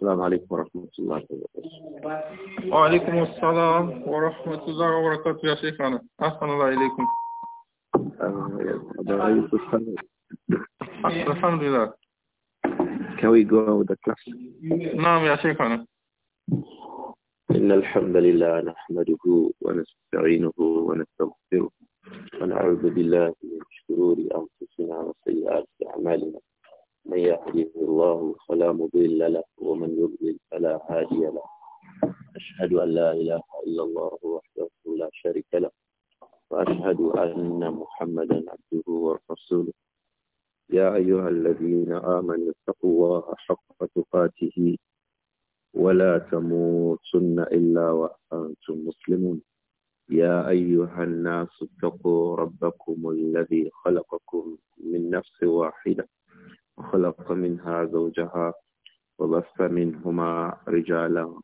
السلام عليكم ورحمة الله وبركاته وعليكم السلام ورحمة الله وبركاته يا شيخنا أحسن الله إليكم آه، الحمد لله Can we go with the class? نعم يا شيخنا إن الحمد لله نحمده ونستعينه ونستغفره ونعوذ بالله من شرور أنفسنا وسيئات أعمالنا من يهده الله فلا مضل له أشهد أن لا إله إلا الله وحده لا شريك له وأشهد أن محمدا عبده ورسوله يا أيها الذين آمنوا اتقوا الله حق تقاته ولا تموتن إلا وأنتم مسلمون يا أيها الناس اتقوا ربكم الذي خلقكم من نفس واحدة وخلق منها زوجها وبث منهما رجالا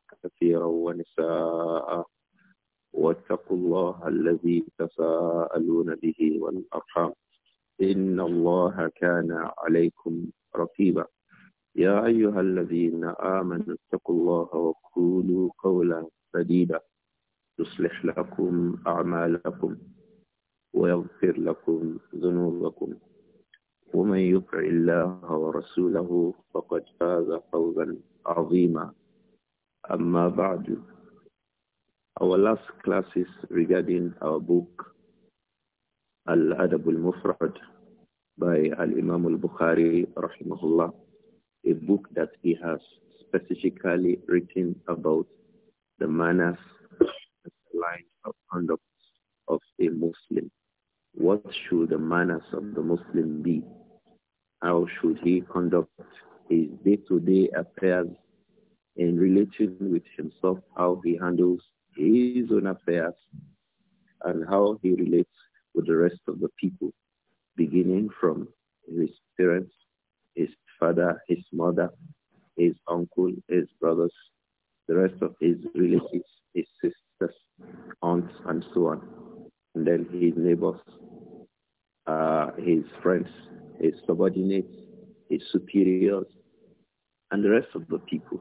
and the rest of the people.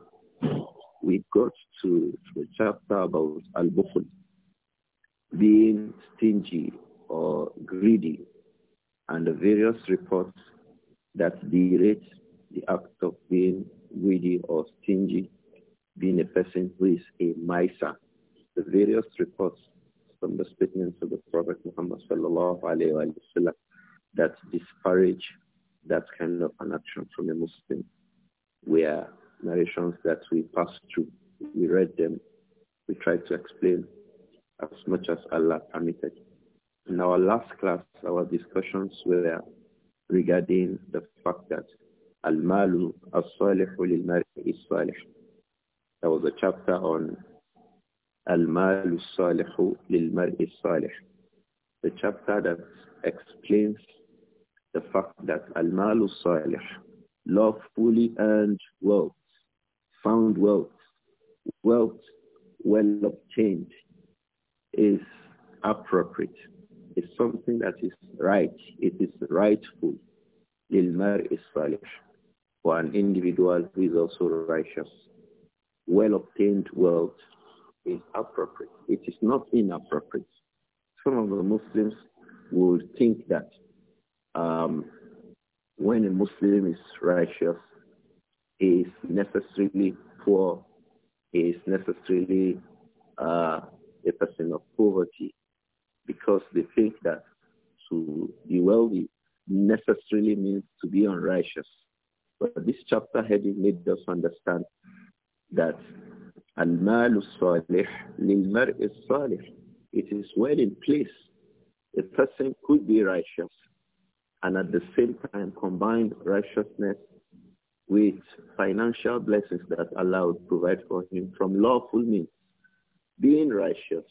We got to the chapter about al-bukhul, being stingy or greedy, and the various reports that derate the act of being greedy or stingy, being a person who is a miser. The various reports from the statements of the Prophet Muhammad sallallahu that disparage that kind of an action from a Muslim were narrations that we passed through. We read them. We tried to explain as much as Allah permitted. In our last class, our discussions were regarding the fact that Al-Malu As-Salihu Lil-Mari Is-Salih. There was a chapter on Al-Malu As-Salihu lil Is-Salih. The chapter that explains the fact that Al-Malu As-Salih Love fully earned wealth, found wealth, wealth well obtained is appropriate. It's something that is right. It is rightful. Lilmar is valid For an individual who is also righteous, well obtained wealth is appropriate. It is not inappropriate. Some of the Muslims would think that um, when a Muslim is righteous, he is necessarily poor, he is necessarily uh, a person of poverty because they think that to be wealthy necessarily means to be unrighteous. But this chapter heading made us understand that al malus salih lil-mar'i salih. It is well in place. A person could be righteous and at the same time combined righteousness with financial blessings that Allah would provide for him from lawful means. Being righteous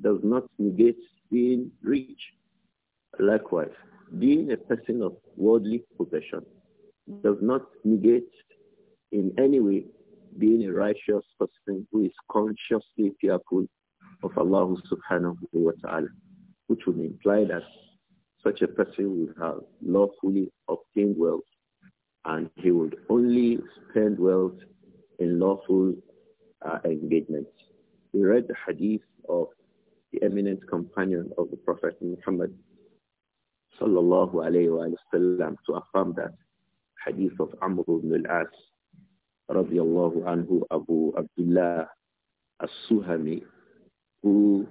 does not negate being rich. Likewise, being a person of worldly possession does not negate in any way being a righteous person who is consciously fearful of Allah subhanahu wa ta'ala, which would imply that such a person will have lawfully obtained wealth and he would only spend wealth in lawful uh, engagements. We read the hadith of the eminent companion of the Prophet Muhammad sallallahu alayhi wa sallam to affirm that hadith of Amr ibn al-As radiallahu anhu Abu Abdullah al-Suhami who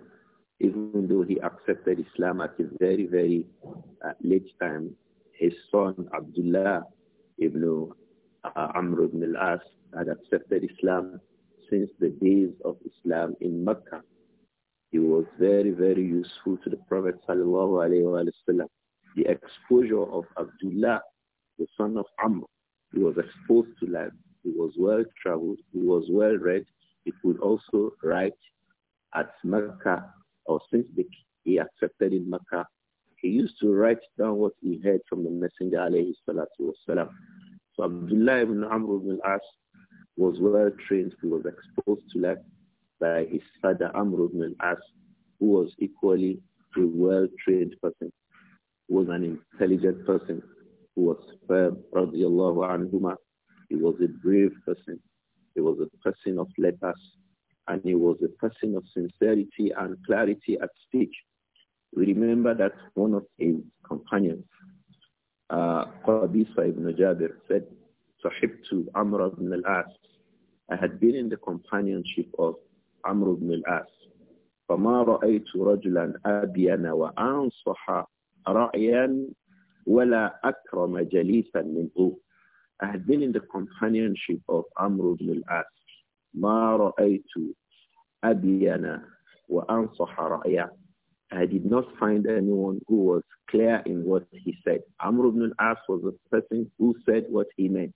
even though he accepted Islam at a very, very uh, late time, his son Abdullah ibn uh, Amr ibn al-As had accepted Islam since the days of Islam in Mecca. He was very, very useful to the Prophet sallallahu The exposure of Abdullah, the son of Amr, he was exposed to life. He was well traveled. He was well read. He could also write at Mecca or since the, he accepted in Makkah, he used to write down what he heard from the Messenger alayhi salatu wasalam. So Abdullah ibn Amr ibn al-As was well trained. He was exposed to that by his father Amr ibn al-As, who was equally a well-trained person, who was an intelligent person, who was firm, radiallahu anhuma. He was a brave person. He was a person of letters and he was a person of sincerity and clarity at speech. We remember that one of his companions, uh, ibn Jabir, said, Sahibtu Amr ibn al-As. I had been in the companionship of Amr ibn al-As. فما رأيت رجلا أبين وأنصح رأيا ولا أكرم جليسا منه. I had been in the companionship of Amr ibn al-As ما رأيت أبينا وأنصح I did not find anyone who was clear in what he said. Amr ibn al-As was the person who said what he meant.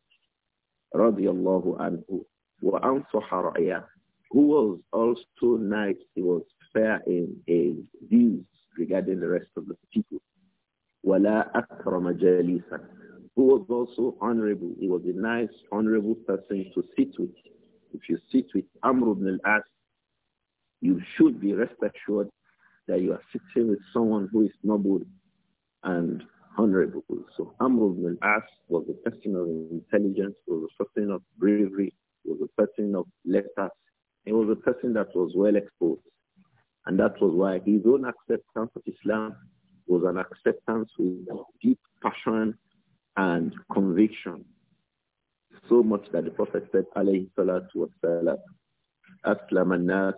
رضي الله عنه وأنصح رَأْيَهُ. who was also nice, he was fair in his views regarding the rest of the people. وَلَا akrama jalisan, who was also honorable. He was a nice, honorable person to sit with. If you sit with Amr ibn al-As, you should be rest assured that you are sitting with someone who is noble and honorable. So Amr ibn al-As was a person of intelligence, was a person of bravery, was a person of letters. He was a person that was well exposed. And that was why his own acceptance of Islam was an acceptance with deep passion and conviction. So much that the Prophet said, alayhi salatu wassalam, aslam nas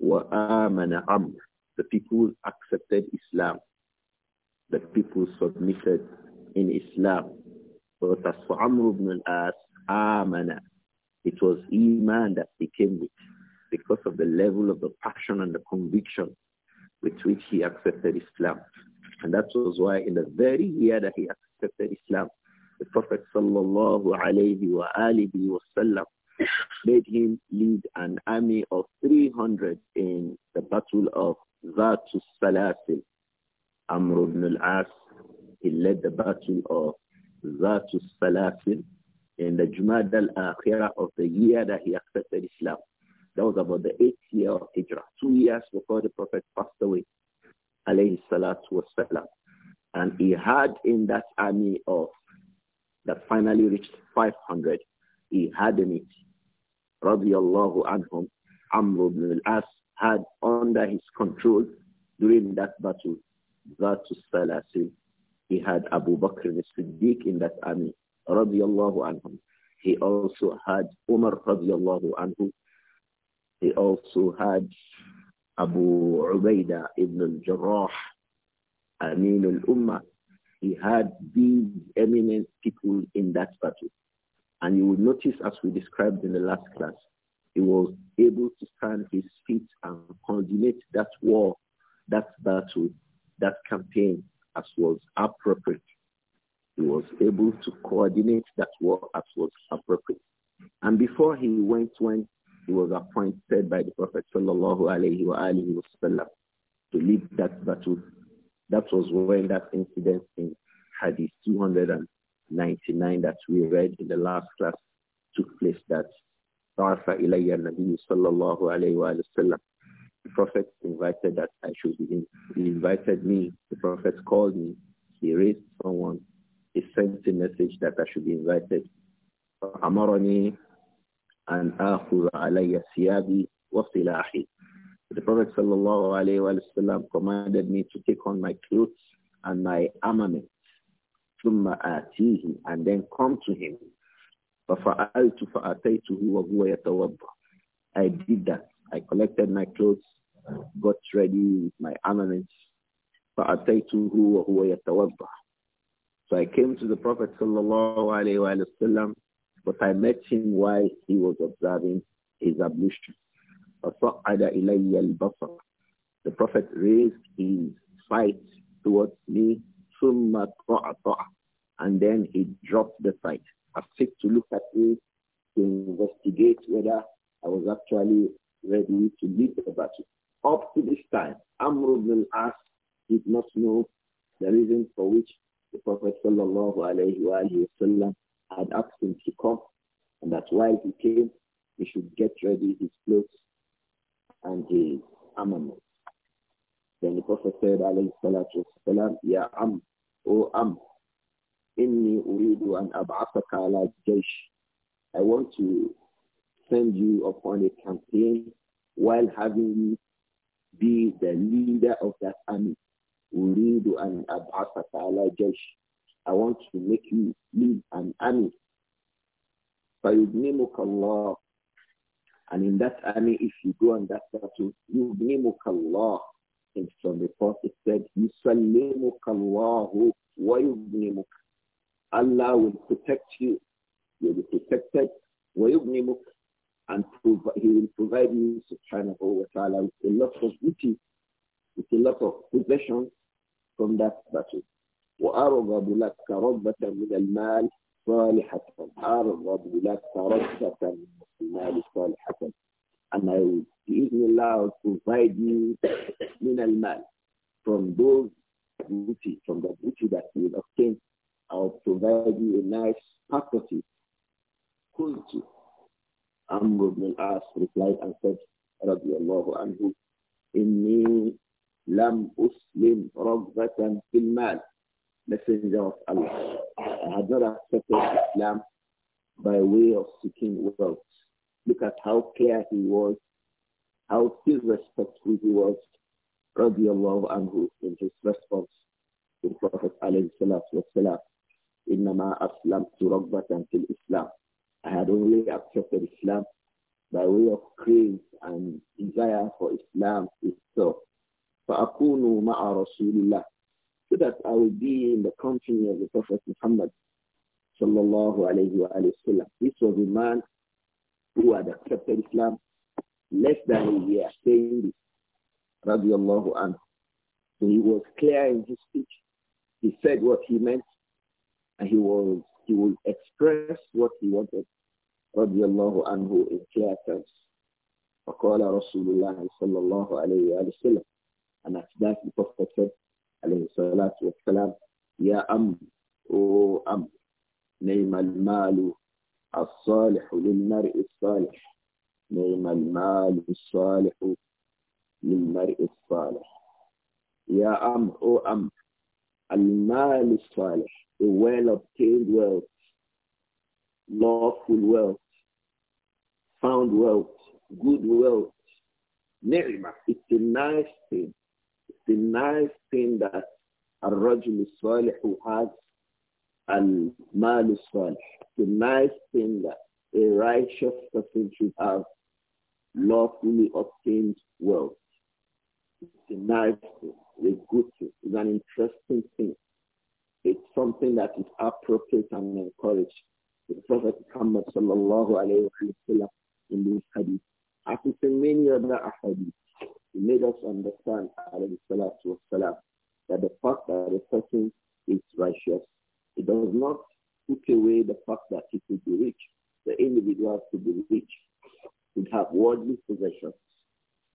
wa amana amr. The people accepted Islam. The people submitted in Islam. But as for Amr ibn al-As, amana. It was Iman that became with because of the level of the passion and the conviction with which he accepted Islam. And that was why in the very year that he accepted Islam, the Prophet sallallahu alayhi wa alihi wasallam made him lead an army of 300 in the battle of Zatus Salasil. Amr ibn al-As, he led the battle of Zatus Salasil in the Jumad al-Akhirah of the year that he accepted Islam. That was about the eighth year of Hijrah, two years before the Prophet passed away, alayhi salatu wasalam. And he had in that army of that finally reached 500. He had in it, radiallahu anhum, Amr ibn al-As had under his control during that battle, that Salasil. He had Abu Bakr as-Siddiq in that army, radiallahu anhum. He also had Umar radiallahu anhu. He also had Abu Ubaidah ibn al-Jarrah, Amin al-Ummah. He had these eminent people in that battle. And you will notice, as we described in the last class, he was able to stand his feet and coordinate that war, that battle, that campaign as was appropriate. He was able to coordinate that war as was appropriate. And before he went, when he was appointed by the Prophet sallallahu alaihi wasallam to lead that battle, that was when that incident in Hadith 299 that we read in the last class took place that Tarfa ilayya Nabi sallallahu alayhi wa sallam. The Prophet invited that I should be in. He invited me. The Prophet called me. He raised someone. He sent a message that I should be invited. أمرني أن آخذ علي ثيابي وسلاحي the Prophet وسلم, commanded me to take on my clothes and my armament, and then come to him. I did that. I collected my clothes, got ready with my armaments. So I came to the Prophet وسلم, but I met him while he was observing his ablution. The Prophet raised his sight towards me, and then he dropped the sight. I took to look at it to investigate whether I was actually ready to lead the battle. Up to this time, Amr ibn al-As did not know the reason for which the Prophet sallallahu alayhi wa sallam had asked him to come, and that while he came, he should get ready his clothes and his armament. Then the Prophet said, alayhi salatu wasalam, Ya Am, O Am, Inni uridu an ab'athaka ala jaysh. I want to send you upon a campaign while having you be the leader of that army. Uridu an ab'athaka ala jaysh. I want to make you lead an army. فَيُدْنِمُكَ Allah." And in that army, if you go on that battle, you Allah. In some report, it said, you Yusallimukallahu wa yubnimuk. Allah will protect you. You'll be protected. Wa yubnimuk. And he will provide you, subhanahu wa ta'ala, with a lot of beauty, with a lot of possessions from that battle. وأرغب لك رغبة من المال صالحة أرغب لك رغبة من المال صالحة and I will بإذن الله provide you من المال from those booty from the booty that you will obtain I will provide you a nice property كنت عمرو بن العاص replied and said رضي الله عنه إني لم أسلم رغبة في المال messenger of Allah I uh, had not accepted Islam by way of seeking wealth. Look at how clear he was, how still respectful he was, radiallahu anhu, in his response to the Prophet alayhi salatu I had only accepted Islam by way of craze and desire for Islam itself. فأكون مع رسول الله so that I will be in the company of the Prophet Muhammad sallallahu alayhi wa sallam. This was a man who had accepted Islam less than a year saying this, radiallahu anhu. So he was clear in his speech. He said what he meant and he was he would express what he wanted, radiallahu anhu, in clear terms. فقال رسول الله صلى الله عليه وآله وسلم and at that the Prophet said alayhi salatu Ya Am, O Am, نعم المال الصالح للمرء الصالح نعم المال الصالح للمرء الصالح يا أم أو أم المال الصالح the well obtained wealth lawful wealth found wealth good wealth نعمة it's a nice thing the nice thing that الرجل الصالح has المال الصالح. The nice thing that a righteous person should have lawfully obtained wealth. It's a nice thing, a good thing, it's an interesting thing. It's something that is appropriate and encouraged. The Prophet Muhammad sallallahu alayhi wa sallam in this hadith, as in many other hadith, he made us understand, alayhi salatu wasalam, that the fact that a person is righteous, it does not take away the fact that he could be rich. The individual to be rich, could have worldly possessions,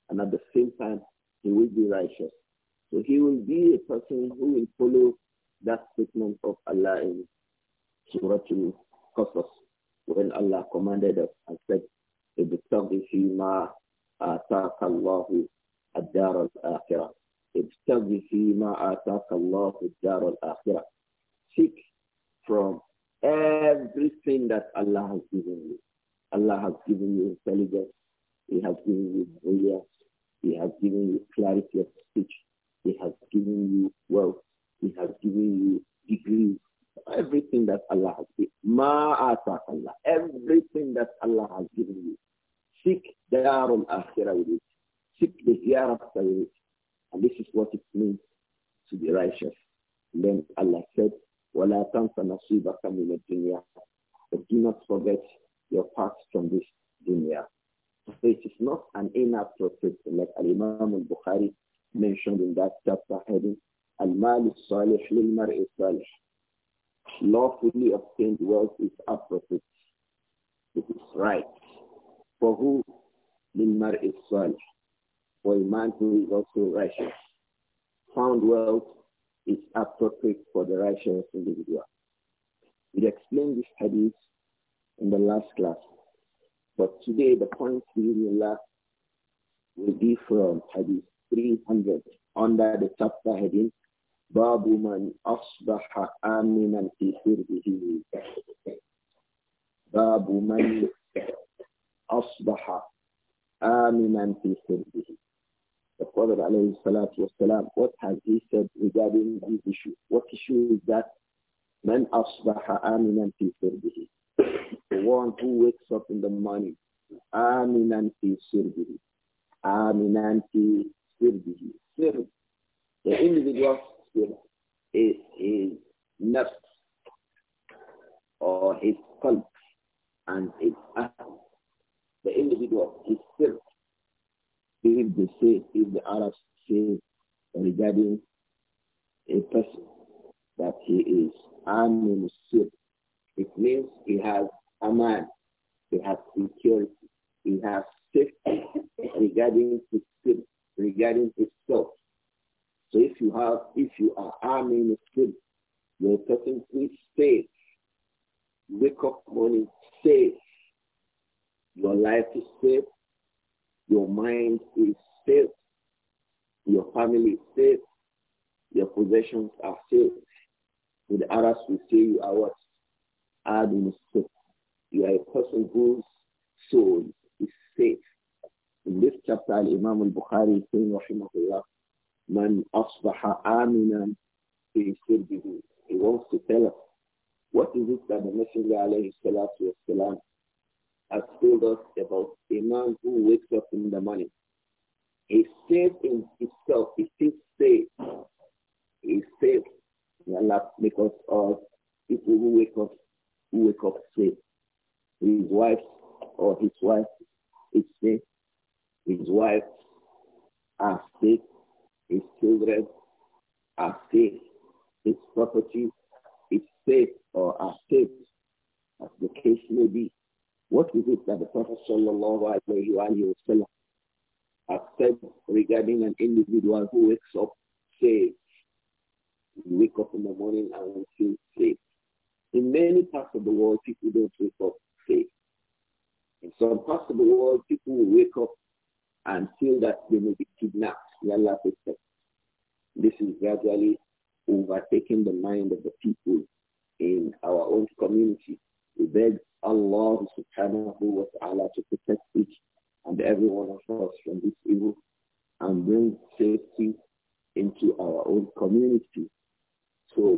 and at the same time, he will be righteous. So he will be a person who will follow that statement of Allah in Surah Al-Qasas when Allah commanded us and said, "Ibtaghi fima ataka Allahu الدار الآخرة ابتغ فيما آتاك الله الدار الآخرة Seek from everything that Allah has given you. Allah has given you intelligence. He has given you brilliance. He has given you clarity of speech. up with it. It is right. For who? Lilmar is salih. For a man who is also righteous. Found wealth is appropriate for the righteous individual. We explained this hadith in the last class. But today the point we will be from hadith 300 under the chapter heading باب من أصبح آمنا في سربه باب من أصبح آمنا في سربه The Prophet الصلاة والسلام what has he said regarding this issue? What issue is that? من أصبح آمنا في سربه The one who wakes up in the morning آمنا في سربه آمنا في سربه سر The individual sir is his nafs or his qalb and its atom. The individual is spirit. If they say, if the Arabs say regarding a person that he is amin it means he has aman, he has security, he has safety regarding his spirit, regarding his self. So if you have, if you are amin spirit, your person with faith, wake up morning safe. Your life is safe. Your mind is safe. Your family is safe. Your possessions are safe. So the Arabs will say you are what? Adun You are a person whose soul is safe. In this chapter, Imam al-Bukhari is saying, Rahimahullah, Man asbaha aminan fi sirbihi. He wants to tell us what is it that the Messenger alayhi has told us about a man who wakes up in the morning? He says in himself. He feels He He's safe. May Allah because of all people who wake up, who wake up safe. His wife or his wife is safe. His wife are safe. His children are safe. His property escaped or escaped, as the case may be. What is it that the Prophet sallallahu alayhi Wasallam has said regarding an individual who wakes up say, We wake up in the morning and we feel safe. In many parts of the world, people don't wake up safe. In some parts of the world, people will wake up and feel that they may be kidnapped. This is gradually overtaking the mind of the people in our own community. We beg Allah subhanahu wa ta'ala to protect each and every one of us from this evil and bring safety into our own community. So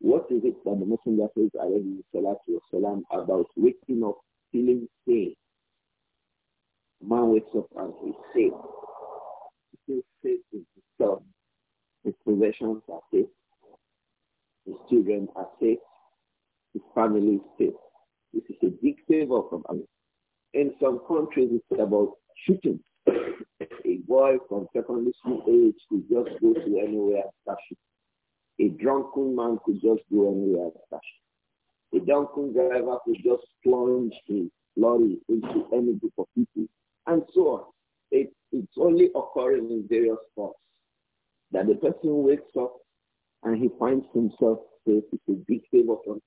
what is it that the Messenger says alayhi salatu wasalam about waking up feeling safe? Man wakes up and he's safe. He feels safe with his son. His possessions are safe. His children are safe his family safe. This is a big favor from Allah. In some countries, it's about shooting. a boy from secondary school age could just go to anywhere and start shooting. A drunken man could just go anywhere and start shooting. A drunken driver could just plunge a lorry into any group of people, and so on. It, it's only occurring in various spots That the person wakes up and he finds himself safe. It's a big favor from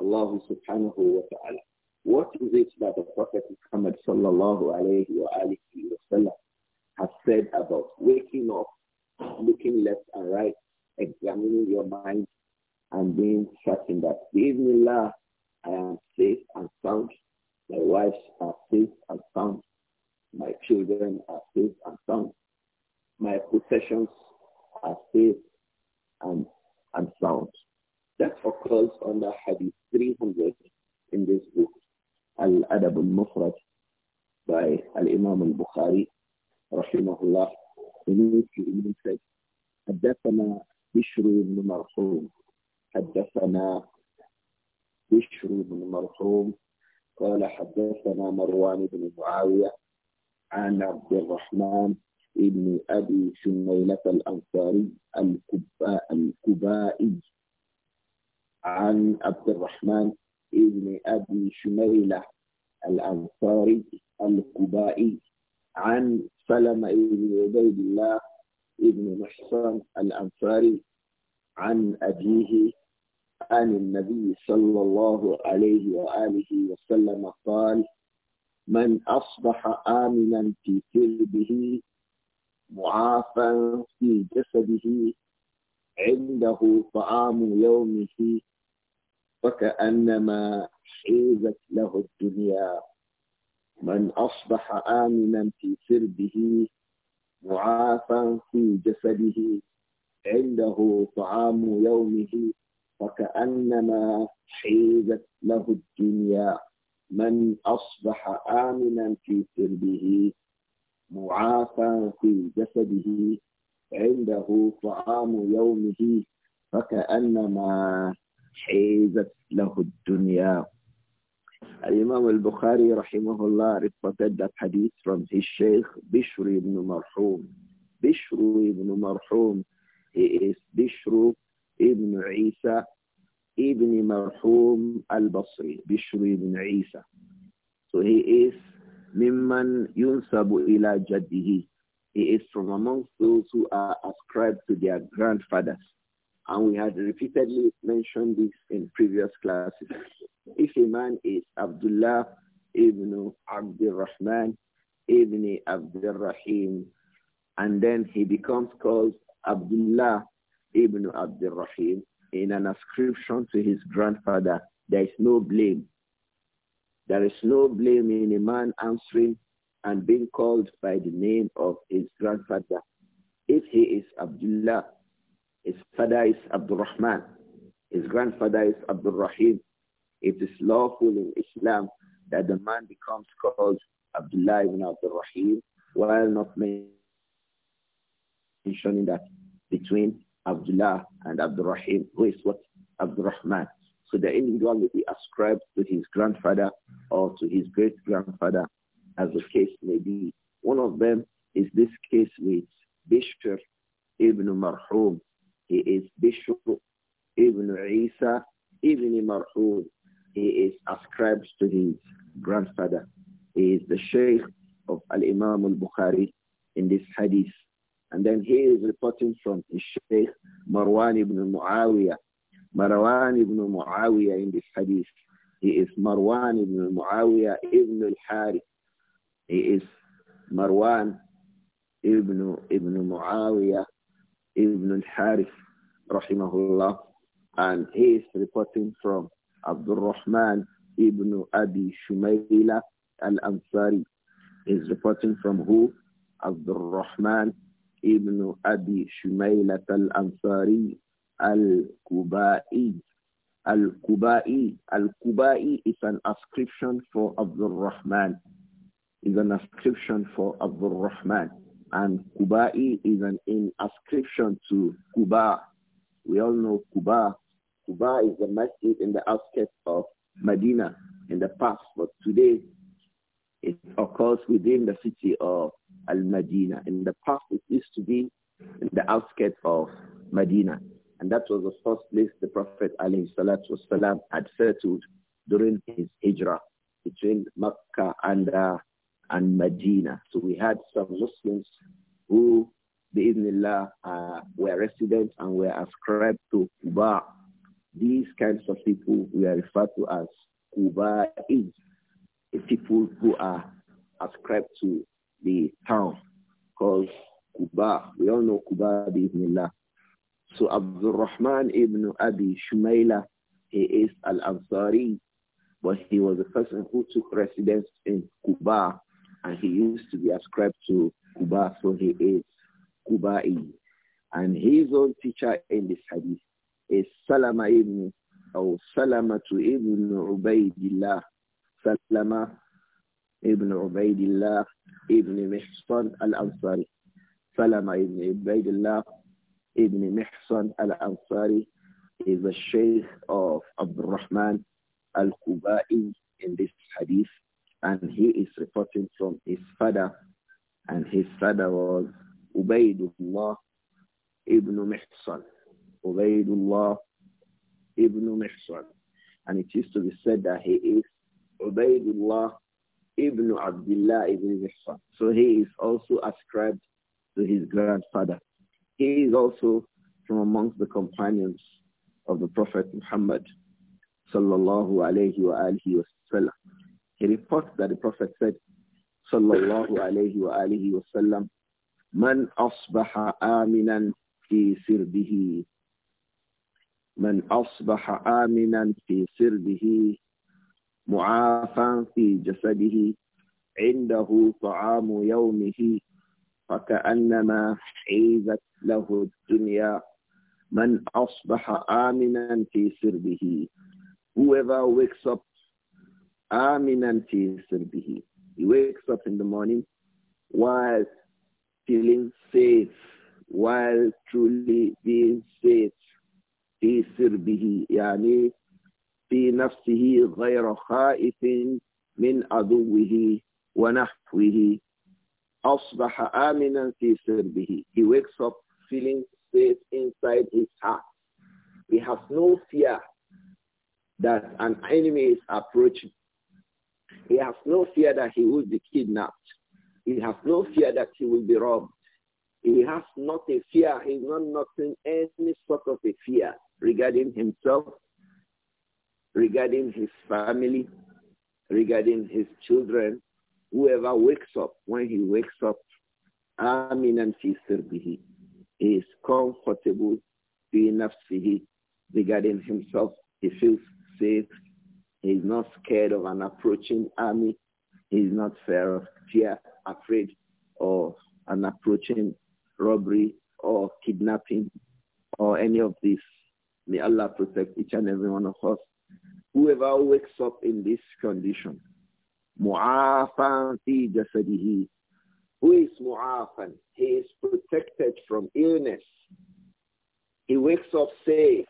Allah subhanahu wa ta'ala. What is it that the Prophet Muhammad sallallahu alayhi wa alihi wa sallam has said about waking up, looking left and right, examining your mind, and being certain that, Bismillah, I am safe and sound. My wives are safe and sound. My children are safe and sound. My possessions are safe and, and sound. That occurs under Hadith 300 in this book, Al-Adab al-Mufrad by Al-Imam al-Bukhari, rahimahullah. In which he said, حدثنا بشر بن مرحوم حدثنا بشر بن مرحوم قال حدثنا مروان بن معاوية عن عبد الرحمن بن أبي شميلة الأنصاري الكبائي عن عبد الرحمن ابن أبي شميلة الأنصاري الكبائي عن سلمة بن عبيد الله ابن محصن الأنصاري عن أبيه عن النبي صلى الله عليه وآله وسلم قال من أصبح آمنا في قلبه معافا في جسده عنده طعام يومه فكأنما حيزت له الدنيا من أصبح آمنا في سربه معافا في جسده عنده طعام يومه فكأنما حيزت له الدنيا من أصبح آمنا في سربه معافى في جسده عنده طعام يومه فكأنما حيزت له الدنيا الإمام البخاري رحمه الله reported that hadith from his sheikh Bishr ibn Marhum. Bishr ibn Marhum, he is Bishr ibn Isa ibn Marhum al-Basri, ibn Isa. So he is mimman ينسب ila جده He is from amongst those who are ascribed to their grandfathers. And we had repeatedly mentioned this in previous classes. If a man is Abdullah ibn Abdurrahman ibn Abdul and then he becomes called Abdullah ibn Abdurrahim in an ascription to his grandfather, there is no blame. There is no blame in a man answering and being called by the name of his grandfather. If he is Abdullah his father is Abdul Rahman. His grandfather is Abdul Rahim. It is lawful in Islam that the man becomes called Abdullah ibn Abdul Rahim while not mentioning that between Abdullah and Abdul Rahim, who is what? Abdul Rahman. So the individual will be ascribed to his grandfather or to his great-grandfather as the case may be. One of them is this case with Bishr ibn Marhum he is Bishop Ibn Isa Ibn Mar'ud. He is ascribed to his grandfather. He is the Sheikh of Al-Imam al-Bukhari in this hadith. And then he is reporting from his Sheikh Marwan ibn Muawiyah. Marwan ibn Muawiyah in this hadith. He is Marwan ibn Muawiyah ibn al-Harith. He is Marwan ibn, ibn Muawiyah Ibn al-Harith, rahimahullah, and he is reporting from Abdul Rahman Ibn Abi Shumayla al-Ansari. is reporting from who? Abdul Rahman Ibn Abi Shumayla al-Ansari al-Kubai. Al-Kubai. Al-Kubai is an ascription for Abdul Rahman. Is an ascription for Abdul Rahman. And Kuba'i is an inscription to Kuba. We all know Kuba. Kuba is the masjid in the outskirts of Medina in the past, but today it occurs within the city of Al-Madina. In the past, it used to be in the outskirts of Medina. And that was the first place the Prophet والسلام, had settled during his hijrah between Mecca and uh, and Medina. So we had some Muslims who, bi'idhnillah, uh, were residents and were ascribed to Kuba. These kinds of people are referred to as is people who are ascribed to the town called Kuba. We all know Kuba, bi'idhnillah. So Abdul Rahman ibn Abi Shumaila, he is al-Ansari, but he was the person who took residence in Kuba and he used to be ascribed to Kuba, so he is Kubai. And his own teacher in this hadith is Salama ibn or Salama to ibn Ubaidillah. Salama ibn Ubaidillah ibn Mihsan al-Ansari. Salama ibn Ubaidillah ibn Mihsan al-Ansari is the sheikh of Abdurrahman al-Kubai in this hadith and he is reporting from his father, and his father was Ubaidullah ibn Mihsan. Ubaidullah ibn Mihsan. And it used to be said that he is Ubaidullah ibn Abdullah ibn Mihsan. So he is also ascribed to his grandfather. He is also from amongst the companions of the Prophet Muhammad sallallahu alayhi wa alihi wa sallam. He reports that the Prophet said, sallallahu alayhi wa alihi wa sallam, man asbaha aminan fi sirbihi. Man asbaha aminan fi sirbihi, mu'afan fi jasadihi, عنده طعام يومه فكأنما حيزت له الدنيا من أصبح آمنا في سربه Whoever wakes up Aminan fi sirbihi. He wakes up in the morning while feeling safe, while truly being safe. في سربه يعني في نفسه غير خائف من عدوه ونحوه أصبح He wakes up feeling safe inside his heart. He has no fear that an enemy is approaching. He has no fear that he will be kidnapped. He has no fear that he will be robbed. He has not a fear. He not nothing, any sort of a fear regarding himself, regarding his family, regarding his children. Whoever wakes up, when he wakes up, Amin and be he is comfortable, enough. Nafsihi, regarding himself. He feels safe He's not scared of an approaching army. He's not fear, fear afraid of an approaching robbery or kidnapping or any of this. May Allah protect each and every one of us. Whoever wakes up in this condition, mu'afan fi jasadihi, who is mu'afan? He is protected from illness. He wakes up safe.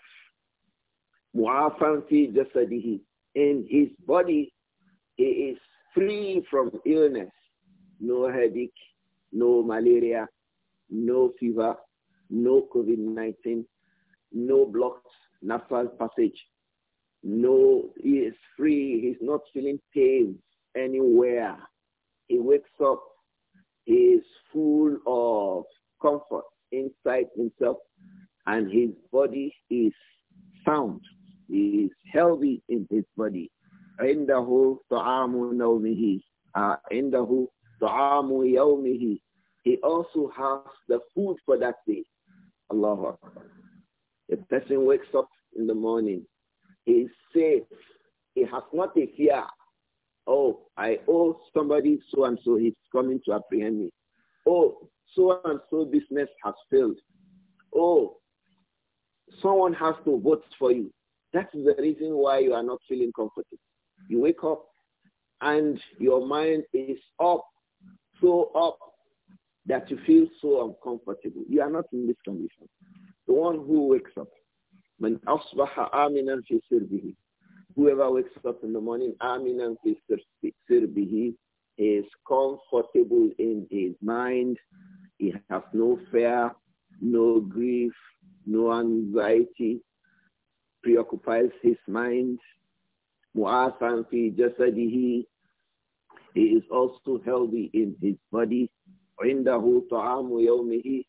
Mu'afan fi jasadihi in his body, he is free from illness. No headache, no malaria, no fever, no COVID-19, no blocked nasal passage. No, he is free. He's not feeling pain anywhere. He wakes up. He is full of comfort inside himself and his body is sound. He is healthy in his body. in the نومه uh, عنده طعام يومه He also has the food for that day. Allahu Akbar. The person wakes up in the morning. He is safe. He has not a fear. Oh, I owe somebody so and so. He's coming to apprehend me. Oh, so and so business has failed. Oh, someone has to vote for you. That is the reason why you are not feeling comfortable. You wake up and your mind is up, so up that you feel so uncomfortable. You are not in this condition. The one who wakes up, من أصبح آمنا في سربه Whoever wakes up in the morning, آمنا is comfortable in his mind. He has no fear, no grief, no anxiety, preoccupies his mind. Mu'afan fi jasadihi. He is also healthy in his body. Indahu ta'amu yawmihi.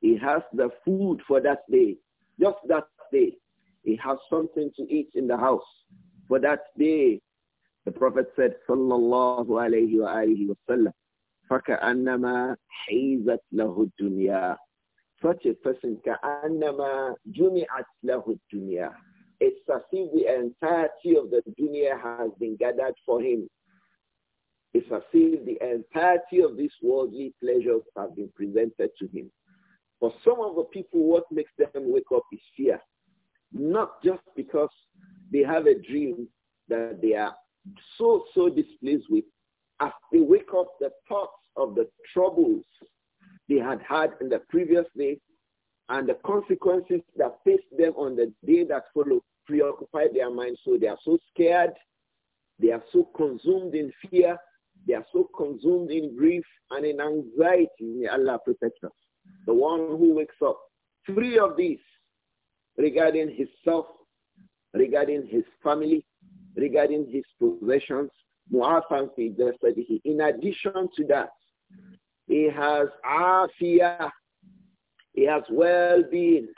He has the food for that day. Just that day. He has something to eat in the house for that day. The Prophet said, sallallahu alayhi wa alihi wa sallam, فَكَأَنَّمَا حِيزَتْ لَهُ الدُّنْيَا such a person, كَأَنَّمَا جُمِعَتْ لَهُ الدُّنْيَا It's as if the entirety of the dunya has been gathered for him. It's as if the entirety of these worldly pleasures have been presented to him. For some of the people, what makes them wake up is fear. Not just because they have a dream that they are so, so displeased with. As they wake up, the thoughts of the troubles they had had in the previous day, and the consequences that faced them on the day that followed preoccupied their minds. So they are so scared. They are so consumed in fear. They are so consumed in grief and in anxiety. May Allah protect us. The one who wakes up free of these regarding his self, regarding his family, regarding his possessions, in addition to that, he has afiyah. He has well-being.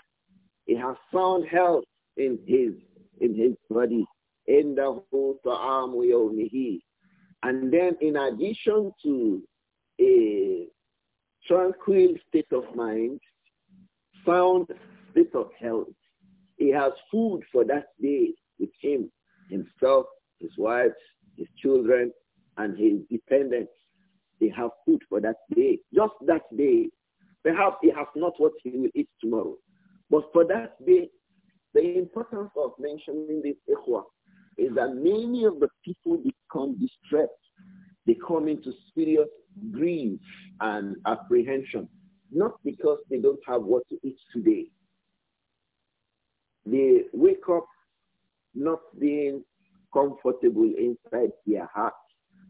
He has sound health in his in his body. In the ta'amu And then in addition to a tranquil state of mind, sound state of health, he has food for that day with him, himself, his wife, his children, and his dependents they have food for that day, just that day. Perhaps he has not what he will eat tomorrow. But for that day, the importance of mentioning this ikhwa is that many of the people become distressed. They come into serious grief and apprehension, not because they don't have what to eat today. They wake up not being comfortable inside their heart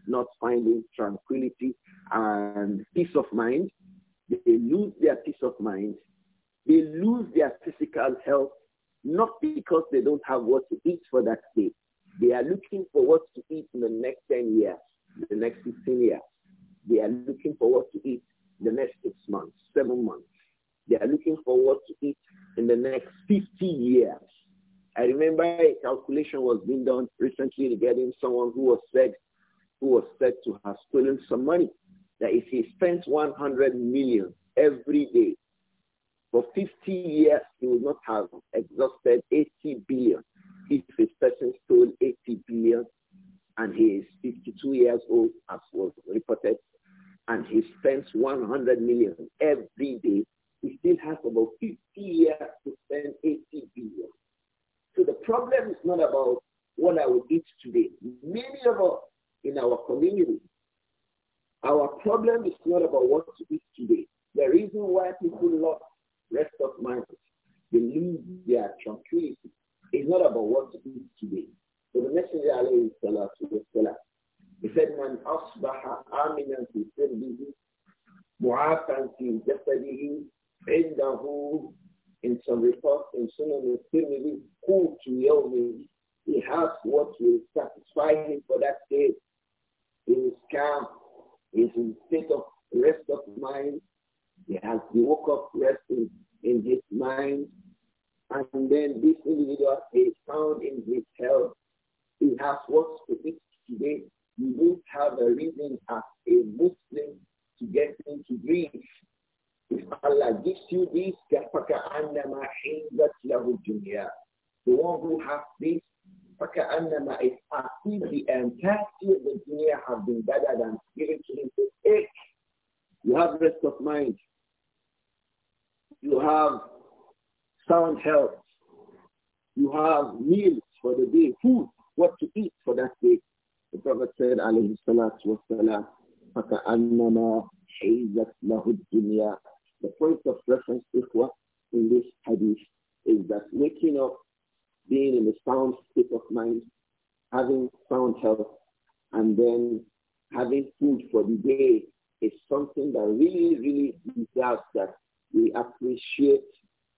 not finding tranquility and peace of mind. They lose their peace of mind. They lose their physical health, not because they don't have what to eat for that day. They are looking for what to eat in the next 10 years, the next 15 years. They are looking for what to eat the next six months, seven months. They are looking for what to eat in the next 50 years. I remember a calculation was being done recently regarding someone who was said who was said to have stolen some money. That if he spent 100 million every day for 50 years, he would not have exhausted 80 billion. If this person stole 80 billion and he is 52 years old, as was reported, and he spends 100 million every day, he still has about 50 years to spend 80 billion. So the problem is not about what I will eat today. Many of us in our community. Our problem is not about what to eat today. The reason why people lost rest of mind, they lose their tranquility, is not about what to eat today. So the Messenger alayhi tell us, he said, Man asbaha aminan fi sirbihi, mu'afan fi jasadihi, indahu, in some reports in Sunan al to qut yawmihi, he has what will satisfy him for that day his camp, he's in state of rest of mind. He has woke up resting in his mind. And then this individual is found in his health. He has what to eat today. You don't have a reason as a Muslim to get into grief. If Allah gives you this, the one who has this فَكَأَنَّمَا It's as if the entirety of the dunya been better than giving to him to You have rest of mind. You have sound health. You have meals for the day, food, what to eat for that day. The Prophet said, alayhi salatu wasalam, فَكَأَنَّمَا حِيزَتْ لَهُ الدُّنْيَا The point of reference, Ikhwa, in this hadith is that waking up being in a sound state of mind, having sound health, and then having food for the day is something that really, really deserves that we appreciate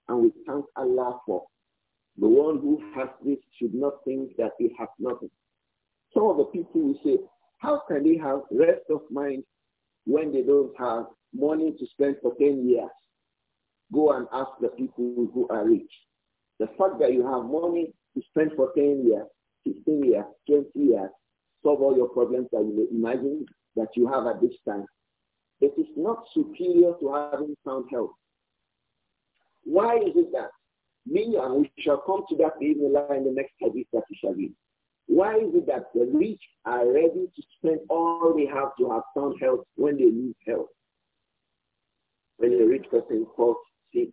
and we thank Allah for. The one who has this should not think that he has nothing. Some of the people will say, how can they have rest of mind when they don't have money to spend for 10 years? Go and ask the people who are rich. The fact that you have money to spend for 10 years, 15 years, 20 years, solve all your problems that you imagine that you have at this time. It is not superior to having sound health. Why is it that? Me and we shall come to that in the next hadith that we shall read. Why is it that the rich are ready to spend all they have to have sound health when they need health? When a rich person falls sick,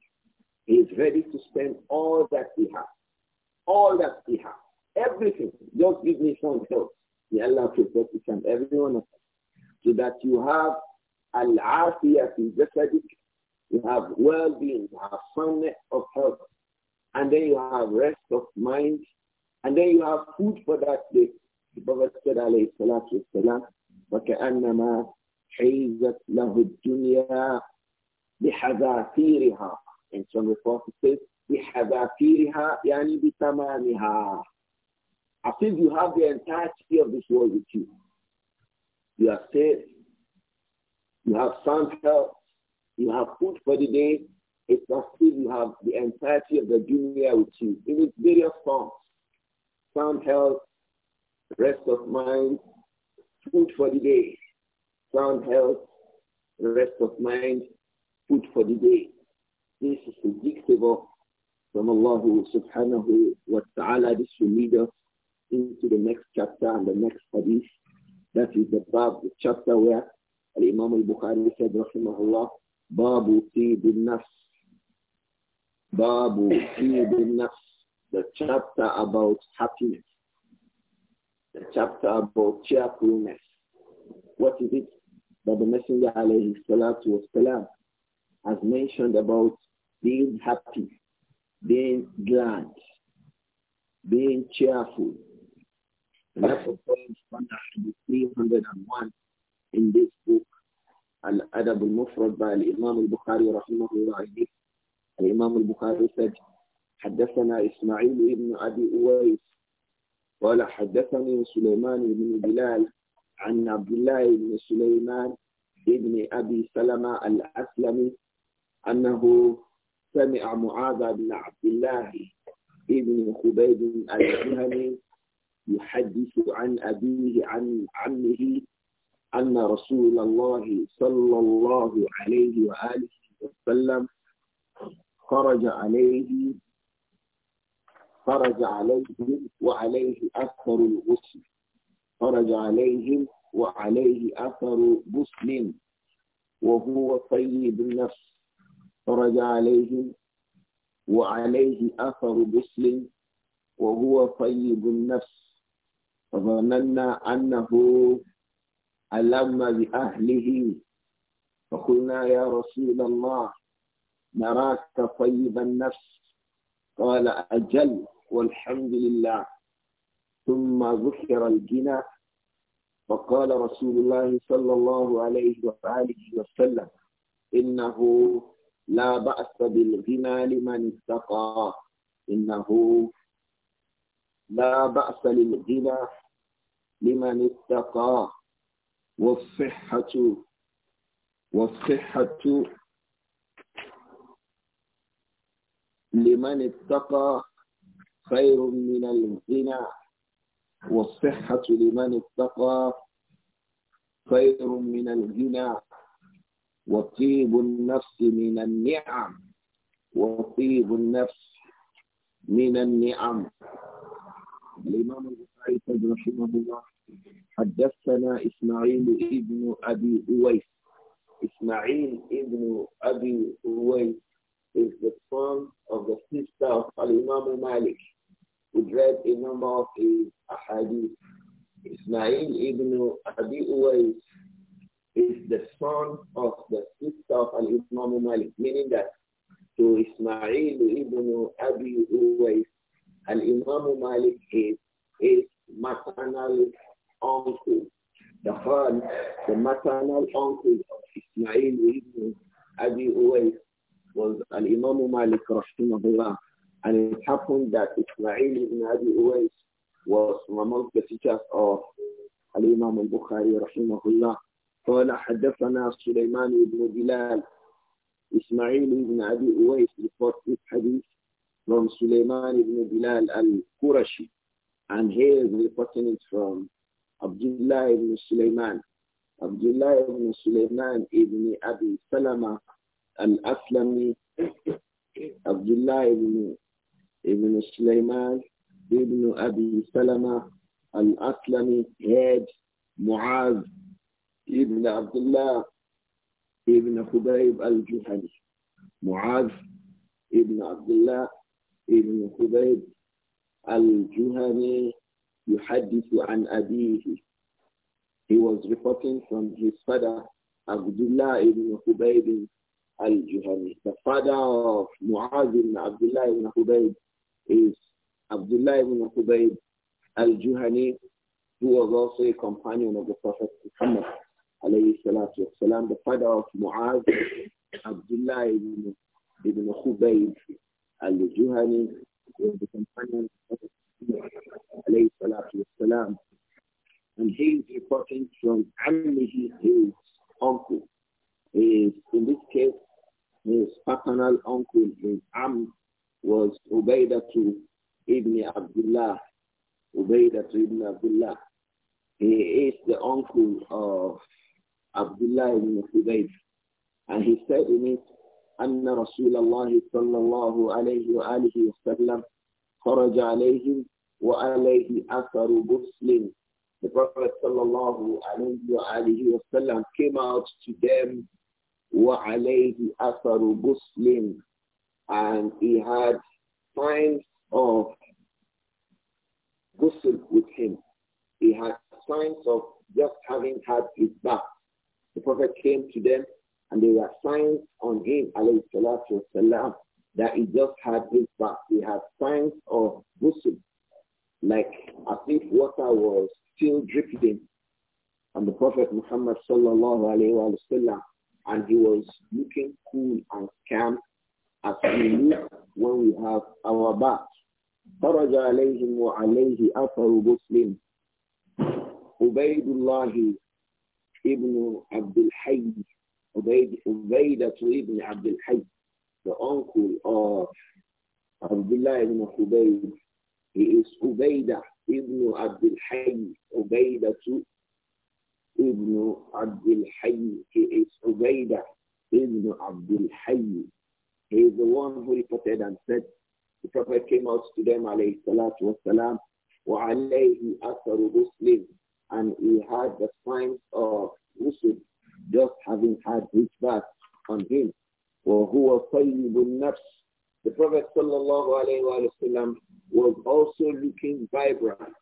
he is ready to spend all that he has. All that he has. Everything. Just give me some help. May Allah protect each and every one of us. So that you have al-afiyah fi jasadik. You have well-being. You have soundness of health. And then you have rest of mind. And then you have food for that day. The Prophet said, alayhi salatu wasalam, وَكَأَنَّمَا حِيزَتْ لَهُ الدُّنْيَا بِحَذَافِيرِهَا in some reports it says, بِحَذَافِيرِهَا يَعْنِي بِتَمَامِهَا As if you have the entirety of this world with you. You are safe. You have sound health. You have food for the day. It's as if you have the entirety of the dunya with you in its various forms. Sound health, rest of mind, food for the day. Sound health, rest of mind, food for the day. This is predictable from Allah subhanahu wa ta'ala. This will lead us into the next chapter and the next hadith. That is the bab, the chapter where Al-Imam al-Bukhari said, rahimahullah, Babu Tib nafs Babu Tib nafs The chapter about happiness. The chapter about cheerfulness. What is it that the Messenger alayhi salatu wasalam has mentioned about being happy, being glad, being cheerful. And that's of course 301 in this book, Al-Adab al-Mufrad by Imam al-Bukhari rahimahullah. Imam al-Bukhari said, حدثنا إسماعيل بن أبي أويس قال حدثني سليمان بن بلال عن عبد الله بن سليمان بن أبي سلمة الأسلمي أنه سمع معاذ بن عبد الله ابن خبيب الجهني يحدث عن أبيه عن عمه أن رسول الله صلى الله عليه وآله وسلم خرج عليه خرج عليهم وعليه أثر الغسل خرج عليهم وعليه أثر غسل وهو طيب النفس خرج عليه وعليه أثر بسل وهو طيب النفس فظننا أنه ألم بأهله فقلنا يا رسول الله نراك طيب النفس قال أجل والحمد لله ثم ذكر الجنة فقال رسول الله صلى الله عليه وآله وسلم إنه لا بأس بالغنى لمن اتقى إنه لا بأس للغنى لمن اتقى والصحة والصحة لمن اتقى خير من الغنى والصحة لمن اتقى خير من الغنى وطيب النفس من النعم وطيب النفس من النعم الإمام البخاري رحمه الله حدثنا إسماعيل ابن أبي أويس إسماعيل ابن أبي أويس is the son of the sister of Al-Imam Malik who read a number of his ahadith. Ismail ibn Abi Uwais is the son of the sister of Al-Imam Malik, meaning that to Ismail ibn Abi Uwais, Al-Imam Malik is his maternal uncle, the father, the maternal uncle of Ismail ibn Abi Uwais was Al-Imam Malik rahimahullah. And it happened that Ismail ibn Abi Uwais was among the teachers of Al-Imam al-Bukhari rahimahullah. قال حدثنا سليمان بن بلال إسماعيل بن أبي أويس reports الْحَدِيثِ مَنْ سُلَيْمَانِ Sulaiman بِلَالِ Bilal al-Qurashi and he is reporting it from Abdullah ibn Sulaiman. Abdullah ibn Sulaiman ibn Abi Salama al-Aslami Abdullah ibn, ibn Sulaiman ibn Abi Salama al-Aslami head Muaz Ibn Abdullah Ibn Khubayb al-Juhani, Mu'adh Ibn Abdullah Ibn Khubayb al-Juhani يحدث عن أبيه he was reporting from his father Abdullah ibn Hubayb al-Juhani. The father of Muaz ibn Abdullah ibn Hubayb is Abdullah ibn Hubayb al-Juhani, who was also a companion of the Prophet Muhammad alayhi salatu wasalam, the father of Mu'az, Abdullah ibn, ibn Khubayb al-Juhani, the companion of alayhi salatu wasalam. And he is reporting from Ammihi, his uncle. His, in this case, his paternal uncle, his Am, was to ibn Abdullah. to ibn Abdullah. He is the uncle of Abdullah ibn Hubayb. And he said in it, أن رسول الله صلى الله عليه وآله وسلم خرج عليهم أثر the Prophet sallallahu came out to them وَعَلَيْهِ أَثَرُ and he had signs of ghusl with him. He had signs of just having had his bath. The Prophet came to them and they were signs on him, alayhi that he just had his back. He had signs of ghusl, like as if water was still dripping on the Prophet Muhammad sallallahu alayhi wa sallam, and he was looking cool and calm as we look when we have our bath. عليهم وعليه أثر مسلم عبيد الله Ibn Abdul Hayy, Ubaidah to Ibn Abdul Hayy, the uncle of Abdullah ibn Ubaid. He is Ubaidah ibn Abdul Hayy, Ubaidah to Ibn Abdul Hayy. He is Ubaidah ibn Abdul Hayy. He is the one who reported and said, the Prophet came out to them, alayhi salatu wasalam, وعليه أثر مسلم and he had the signs of usud, just having had his back on him. وَهُوَ طَيِّبُ not? The Prophet sallallahu alayhi wa was also looking vibrant.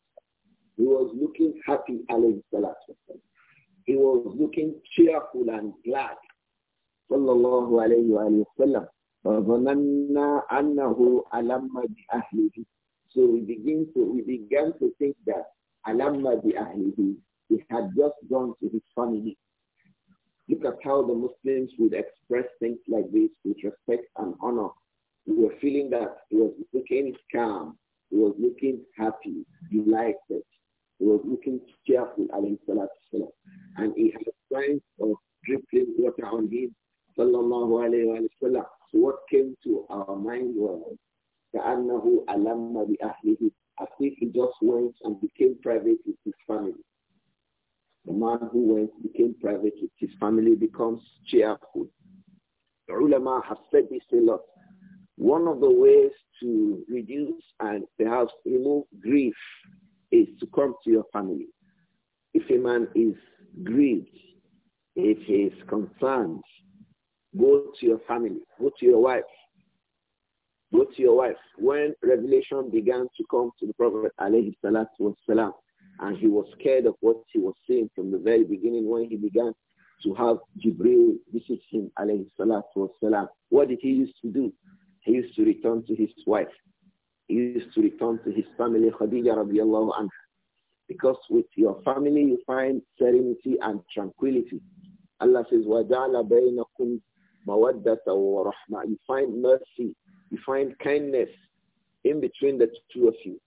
He was looking happy, He was looking cheerful and glad, sallallahu alayhi wa sallam. So we begin to, we began to think that Alamma bi ahlihi. He had just gone to his family. Look at how the Muslims would express things like this with respect and honor. We were feeling that he was looking calm. He was looking happy, delighted. He was looking cheerful, alayhi salatu And he had signs of dripping water on him, sallallahu alayhi wa So what came to our mind was, كأنه ألم بأهله as if he just went and became private with his family. The man who went became private with his family becomes cheerful. The ulama have said this a lot. One of the ways to reduce and perhaps remove grief is to come to your family. If a man is grieved, if he is concerned, go to your family, go to your wife, Go to your wife. When revelation began to come to the Prophet alayhi salatu and he was scared of what he was seeing from the very beginning when he began to have Jibril visit him alayhi salatu What did he used to do? He used to return to his wife. He used to return to his family, Khadija radiallahu anha. Because with your family you find serenity and tranquility. Allah says, وَجَعَلَ بَيْنَكُمْ مَوَدَّةً وَرَحْمَةً You find mercy you find kindness in between the two of you.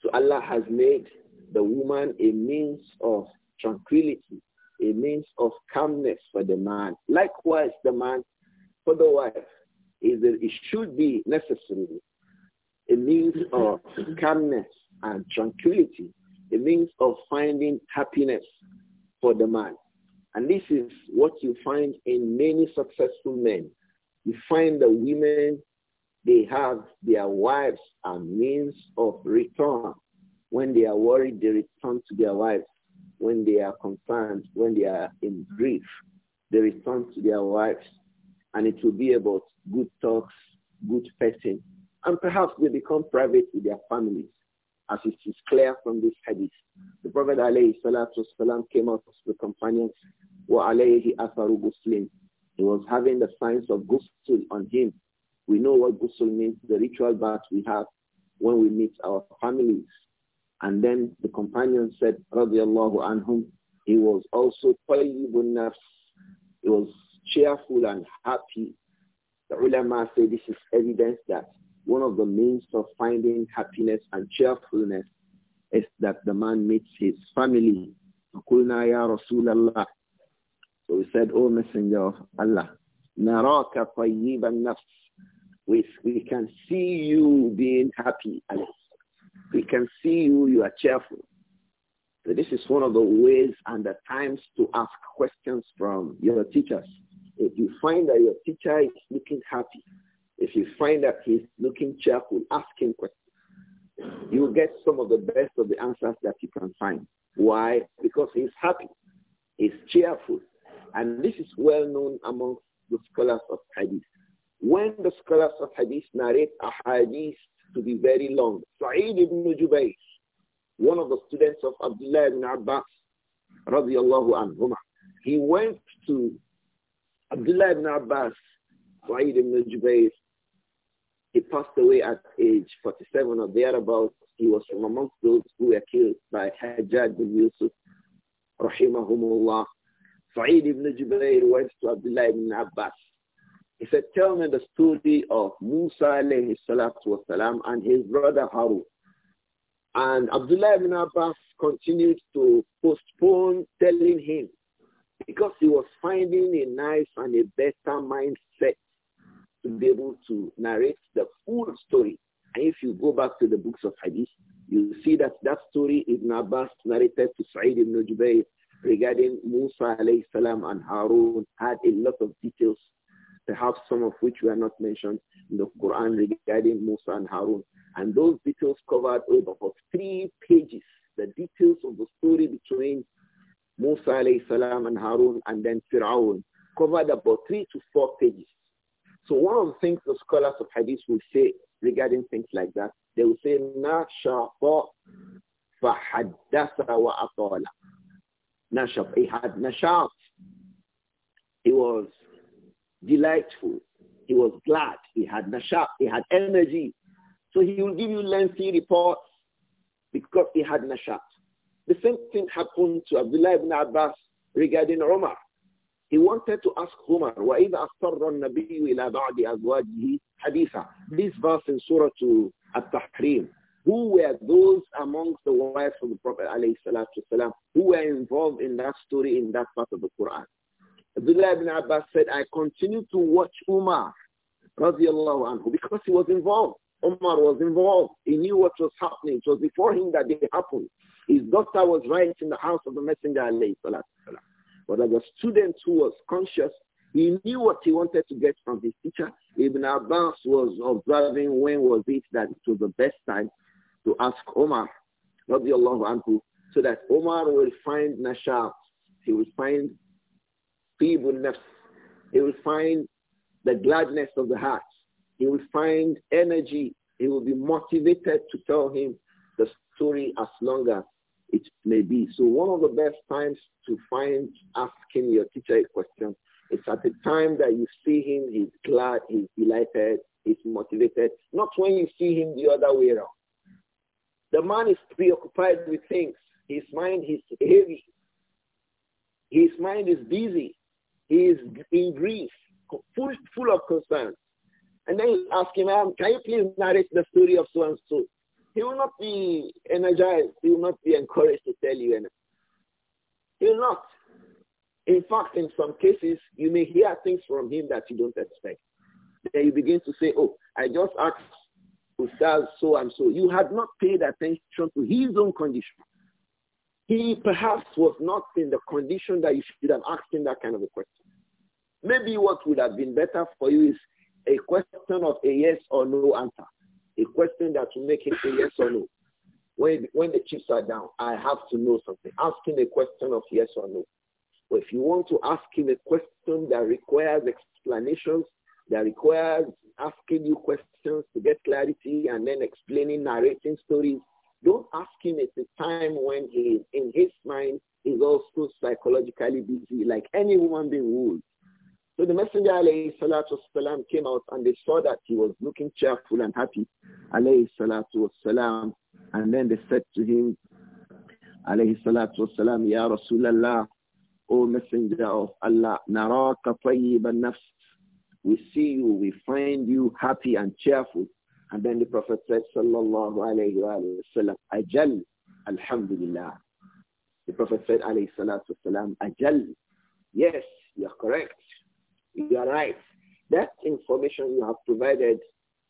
So Allah has made the woman a means of tranquility, a means of calmness for the man. Likewise, the man for the wife is that it should be necessarily a means of calmness and tranquility, a means of finding happiness for the man. And this is what you find in many successful men. You find the women they have their wives and means of return. When they are worried, they return to their wives. When they are concerned, when they are in grief, they return to their wives. And it will be about good talks, good person. And perhaps they become private with their families, as it is clear from this hadith. The Prophet والسلام, came out to the companions, وَعَلَيْهِ أَثَرُ Muslim. He was having the signs of ghusl on him. We know what ghusl means, the ritual that we have when we meet our families. And then the companion said, radiallahu anhum, he was also tayyibun nafs. He was cheerful and happy. The ulama say this is evidence that one of the means of finding happiness and cheerfulness is that the man meets his family. So we said, O Messenger of Allah, نَرَاكَ طَيِّبَ النَّفْسِ we, we can see you being happy, We can see you, you are cheerful. So this is one of the ways and the times to ask questions from your teachers. If you find that your teacher is looking happy, if you find that he's looking cheerful, ask him questions. You will get some of the best of the answers that you can find. Why? Because he's happy. He's cheerful. And this is well known among the scholars of Hadith. When the scholars of hadith narrate a hadith to be very long, Sa'id ibn Jubayr, one of the students of Abdullah ibn Abbas, radiallahu anhuma, he went to Abdullah ibn Abbas, Sa'id ibn Jubayr, he passed away at age 47 or thereabouts. He was from amongst those who were killed by Hajjaj bin Yusuf, rahimahumullah. Sa'id ibn Jubayr went to Abdullah ibn Abbas, he said, tell me the story of Musa alayhi salatu wasalam and his brother Harun. And Abdullah ibn Abbas continued to postpone telling him because he was finding a nice and a better mindset to be able to narrate the full story. And if you go back to the books of Hadith, you see that that story Ibn Abbas narrated to Sa'id ibn Jubayr regarding Musa alayhi salam and Harun had a lot of details perhaps some of which were not mentioned in the Quran regarding Musa and Harun. And those details covered over about three pages, the details of the story between Musa alayhi salam and Harun and then Fir'aun, covered about three to four pages. So one of the things the scholars of hadith will say regarding things like that, they will say, Nashafa fahaddasa wa atala. Nashaf, he had Nashaf. He was delightful. He was glad. He had nashat. He had energy. So he will give you lengthy reports because he had nashat. The same thing happened to Abdullah ibn Abbas regarding Omar. He wanted to ask Umar, وَإِذَا أَصْطَرَّ النَّبِيُّ إِلَى بَعْدِ أَزْوَاجِهِ حَدِيثًا This verse in Surah to At-Tahrim. Who were those amongst the wives of the Prophet ﷺ who were involved in that story in that part of the Quran? Abdullah ibn Abbas said, I continued to watch Umar radiallahu anhu because he was involved. Umar was involved. He knew what was happening. It was before him that it happened. His daughter was right in the house of the Messenger alayhi But as a student who was conscious, he knew what he wanted to get from his teacher. Ibn Abbas was observing when was it that it was the best time to ask Omar, radiallahu anhu, so that Omar will find nashat. He will find tibun nafs. He will find the gladness of the heart. He will find energy. He will be motivated to tell him the story as long as it may be. So one of the best times to find asking your teacher a question is at the time that you see him, he's glad, he's delighted, he's motivated. Not when you see him the other way around. The man is preoccupied with things. His mind is heavy. His mind is busy. He is in grief, full, full of concerns. And then you ask him, um, can you please narrate the story of so and so? He will not be energized. He will not be encouraged to tell you anything. He will not. In fact, in some cases, you may hear things from him that you don't expect. Then you begin to say, oh, I just asked Ustaz so and so. You had not paid attention to his own condition. He perhaps was not in the condition that you should have asked him that kind of a question. Maybe what would have been better for you is a question of a yes or no answer. A question that will make it a yes or no. When, when the chips are down, I have to know something. Ask him a question of yes or no. But if you want to ask him a question that requires explanations, that requires asking you questions to get clarity and then explaining, narrating stories, don't ask him at the time when he, in his mind, is also psychologically busy like any human being would. So the Messenger alayhi salatu wasalam came out and they saw that he was looking cheerful and happy alayhi salatu wasalam. And then they said to him alayhi salatu wasalam, Ya Rasulallah, O Messenger of Allah, naraka tayyiban nafs. We see you, we find you happy and cheerful. And then the Prophet said, Sallallahu alayhi wa sallam, Ajal, Alhamdulillah. The Prophet said, alayhi salatu wasalam, Ajal. Yes, you're correct. You are right. That information you have provided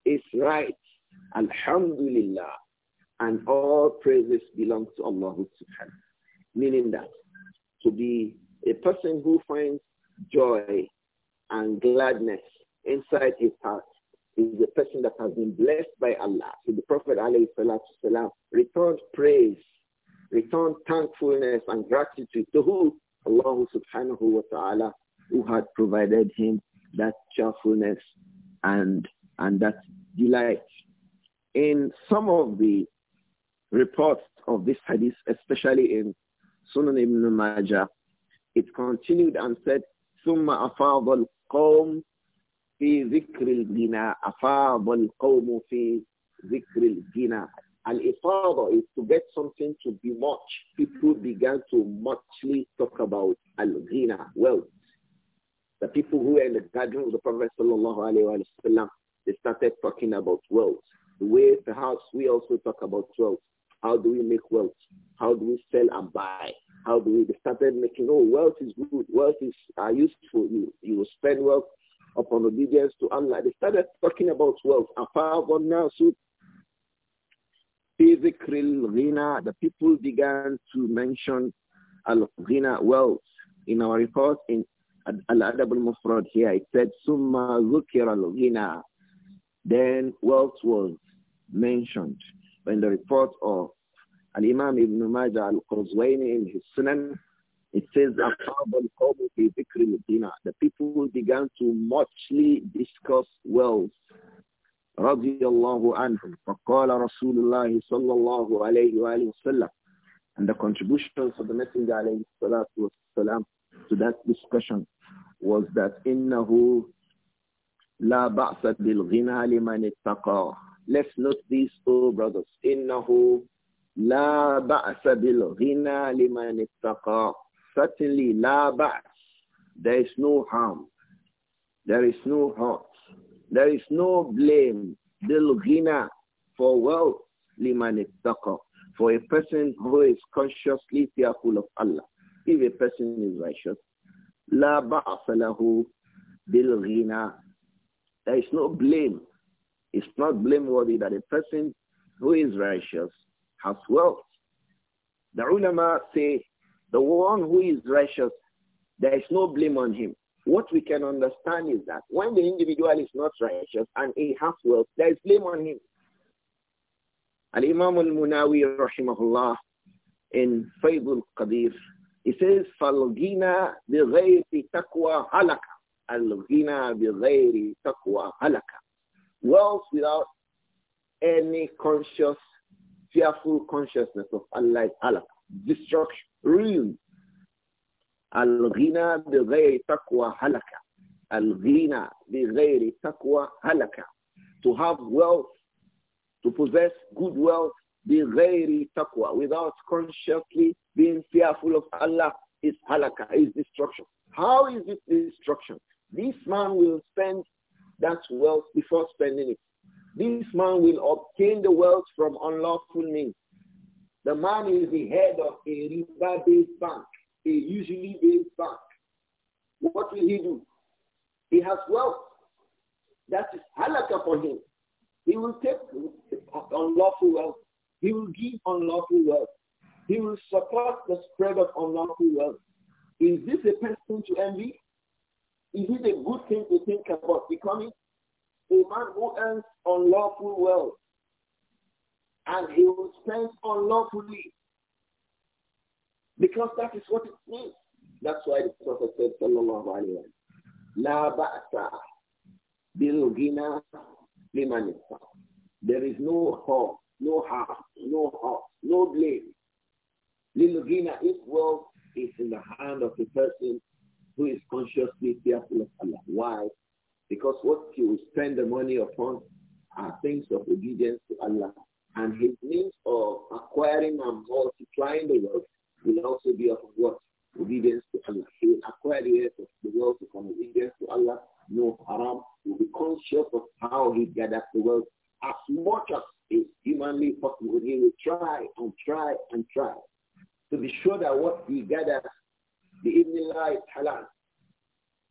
is right. Alhamdulillah. And all praises belong to Allah subhanahu. Meaning that to be a person who finds joy and gladness inside his heart is a person that has been blessed by Allah. So the Prophet والسلام, returned praise, returned thankfulness and gratitude to who? Allah subhanahu wa ta'ala who had provided him that cheerfulness and, and that delight. In some of the reports of this hadith, especially in Sunan ibn Majah, it continued and said, ثم أفاض القوم fi ذكر الغنى أفاض القوم في ذكر الغنى Al-Ifada is to get something to be much. People began to muchly talk about Al-Ghina, wealth. The people who were in the garden of the Prophet sallallahu they started talking about wealth. The way perhaps we also talk about wealth. How do we make wealth? How do we sell and buy? How do we they started making, oh, wealth is good. Wealth is uh, useful. You, you will spend wealth upon obedience to Allah. They started talking about wealth. And now, The people began to mention al-ghina, wealth. In our report in Al-Adab mufrad here, it said, Summa zukir al Then wealth was mentioned. In the report of Al-Imam Ibn Majah al-Qazwaini in his Sunan, it says, The people began to muchly discuss wealth. رضي الله عَنْهُ فقال رسول الله صلى الله عليه وآله وسلم and the contributions of the Messenger alayhi salatu wasalam to that discussion was that la لا bil ghina liman ittaqa. اتَّقَى Let's note these, oh brothers. la لَا bil ghina liman ittaqa. Certainly, la بَعْث There is no harm. There is no hurt. There is no blame. ghina For wealth, liman ittaqa. For a person who is consciously fearful of Allah. If a person is righteous, la ba'asalahu bil ghina. There is no blame. It's not blameworthy that a person who is righteous has wealth. The ulama say the one who is righteous, there is no blame on him. What we can understand is that when the individual is not righteous and he has wealth, there is blame on him. Al-Imam al-Munawi rahimahullah in Faidul qadir it says, Falogina takwa halaka. Alogina takwa halaka. Wealth without any conscious, fearful consciousness of Allah, halaka. Destruction, ruin. Alogina takwa halaka. Alogina takwa halaka. To have wealth, to possess good wealth, بِغَيْرِ تقوى without consciously being fearful of Allah, is halaka, is destruction. How is it destruction? This man will spend that wealth before spending it. This man will obtain the wealth from unlawful means. The man is the head of a river based bank, a usually based bank. What will he do? He has wealth. That is halaka for him. He will take unlawful wealth he will give unlawful wealth. He will support the spread of unlawful wealth. Is this a person to envy? Is it a good thing to think about becoming? A man who earns unlawful wealth and he will spend unlawfully because that is what it means. That's why the Prophet said, Sallallahu Alaihi Wasallam, La ba'asa bil gina liman There is no harm no harm, no harm, no blame. Lilugina, if wealth is in the hand of a person who is consciously fearful of Allah. Why? Because what he will spend the money upon are things of obedience to Allah. And his means of acquiring and multiplying the wealth will also be of what? Obedience to Allah. He will acquire the wealth of the wealth from obedience to Allah, no haram. He will be conscious of how he gathers the wealth as much as is humanly possible. He will try and try and try to be sure that what he gathers, the evening light halal.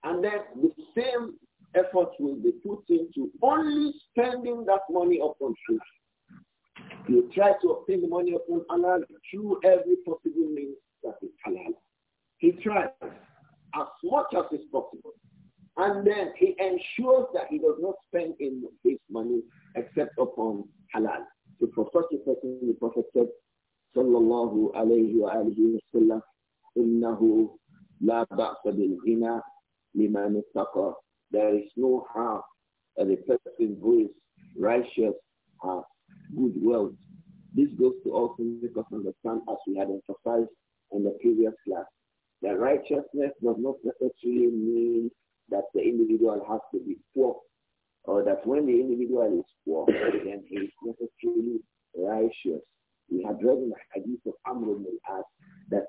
And then the same effort will be put into only spending that money upon truth. will try to obtain the money upon Allah through every possible means that is halal. He tries as much as is possible. And then he ensures that he does not spend in his money except upon halal. So for such a person, the Prophet said, sallallahu alayhi wa alihi wa sallam, innahu la ba'sa bil ghina liman ittaqa. There is no harm that a person who is righteous has good wealth. This goes to also make us understand, as we had emphasized in the previous class, that righteousness does not necessarily mean that the individual has to be poor or that when the individual is poor, then he is necessarily righteous. We have read in the hadith of Amr ibn al-As that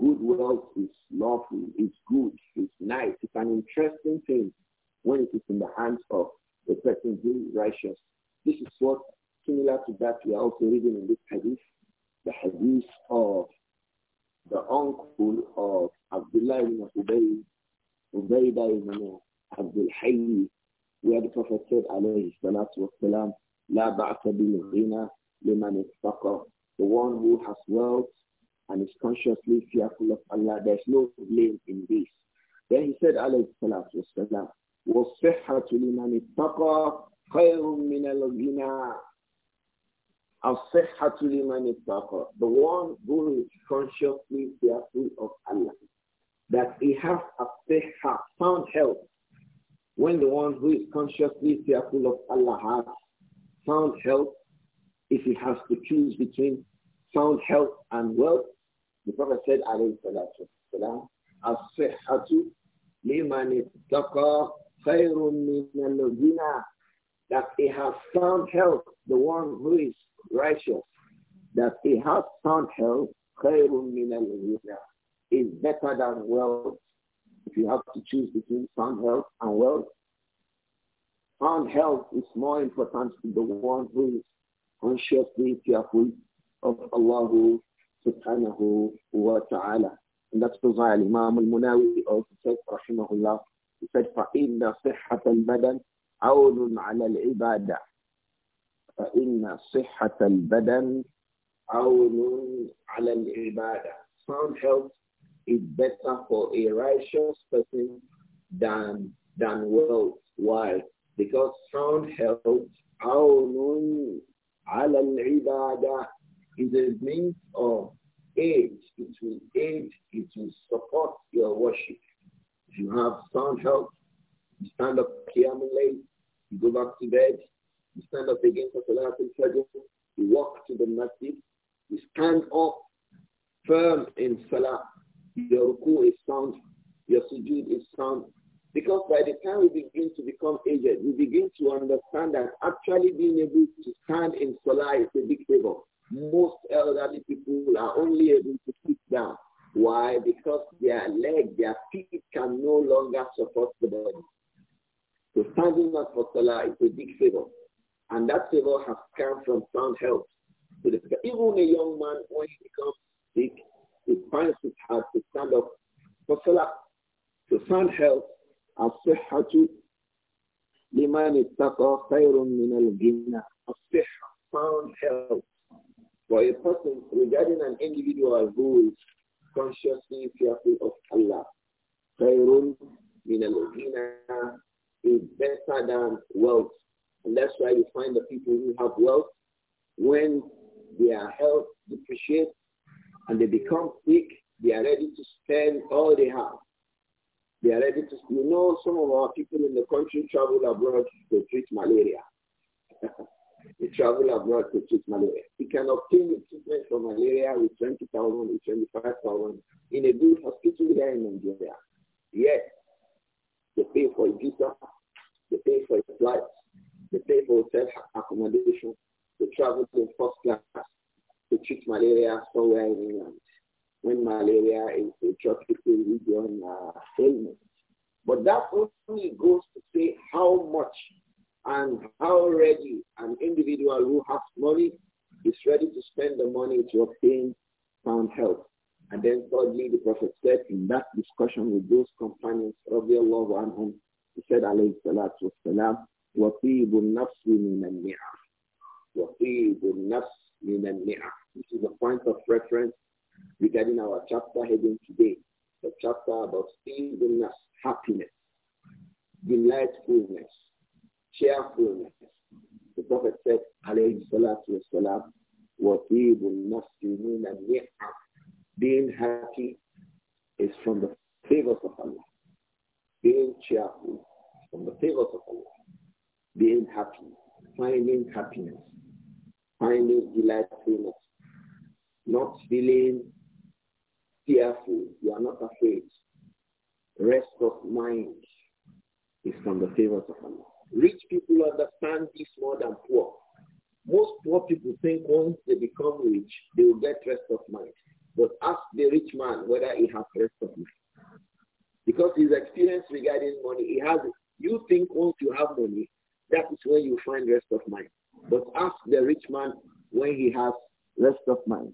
Good wealth is lawful, it's good, it's nice, it's an interesting thing when it is in the hands of the person who is righteous. This is what, similar to that, we are also reading in this hadith, the hadith of the uncle of Abdullah ibn Ubayy Ubayda ibn Abdul Hayy, where the Prophet said, alayhi salatu wasalam, La bil ghina liman The one who has wealth and is consciously fearful of Allah, there's no blame in this. Then he said, alayhi salatu wasalam, وَالصِّحَّةُ لِمَنِ اتَّقَى خَيْرٌ مِنَ الْغِنَى الصِّحَّةُ لِمَنِ اتَّقَى The one who is consciously fearful of Allah that he has a help When the one who is consciously fearful of Allah has found help. if he has to choose between sound health and wealth, the Prophet said, alayhi salatu wasalam, as liman min al that he has found health, the one who is righteous, that he has found health, min al is better than wealth. If you have to choose between sound health and wealth, sound health is more important to the one who is consciously fearful of Allah subhanahu wa ta'ala. And that's why Imam al-Munawi also said, rahimahullah, he said, فَإِنَّ صِحَّةَ الْبَدَنِ عَوْنٌ عَلَى الْعِبَادَةِ فَإِنَّ صِحَّةَ الْبَدَنِ عَوْنٌ عَلَى الْعِبَادَةِ Sound health is better for a righteous person than than wealth. Why? Because sound health, عون على العبادة is a means of aid. It will aid, it will support your worship. If you have sound health, you stand up Qiyamul late, you go back to bed, you stand up again for last Fajr, you walk to the masjid, you stand up firm in Salah, your ruku is sound. Your sujood is sound. Because by the time we begin to become aged, we begin to understand that actually being able to stand in Salah is a big favor. Most elderly people are only able to sit down. Why? Because their leg, their feet can no longer support the body. So standing up for Salah is a big favor. And that favor has come from sound health. So even a young man, when he becomes sick, it finds it hard to stand up for salah, to find health, as-sihhatu liman ittaqa khayrun min al-ghina. As-sihha, health. For a person, regarding an individual who is consciously fearful of Allah, khayrun min al-ghina is better than wealth. And that's why you find the people who have wealth, when their health depreciates, and they become weak, they are ready to spend all they have. They are ready to, you know, some of our people in the country travel abroad to treat malaria. they travel abroad to treat malaria. You can obtain treatment for malaria with 20,000, 25,000 in a good hospital here in Nigeria. Yes, they pay for a visa, they pay for a flight, they pay for hotel accommodation, they travel in first class, to treat malaria somewhere in England um, when malaria is a tropical region uh, illness. But that only goes to say how much and how ready an individual who has money is ready to spend the money to obtain sound health. And then thirdly, the Prophet said in that discussion with those companions, one, anhum, he said, alayhi salatu wasalam, وَطِيبُ النَّفْسِ مِنَ النِّعَمِ وَطِيبُ النَّفْسِ which is a point of reference regarding our chapter heading today, the chapter about feebleness, happiness, delightfulness, cheerfulness. The Prophet said, alayhi salatu wasalam, being happy is from the favors of Allah. Being cheerful from the favors of Allah. Being happy, finding happiness finding delightfulness, not feeling fearful, you are not afraid. Rest of mind is from the favors of Allah. Rich people understand this more than poor. Most poor people think once they become rich, they will get rest of mind. But ask the rich man whether he has rest of mind. Because his experience regarding money, he has it. You think once you have money, that is when you find rest of mind. But ask the rich man when he has rest of mind.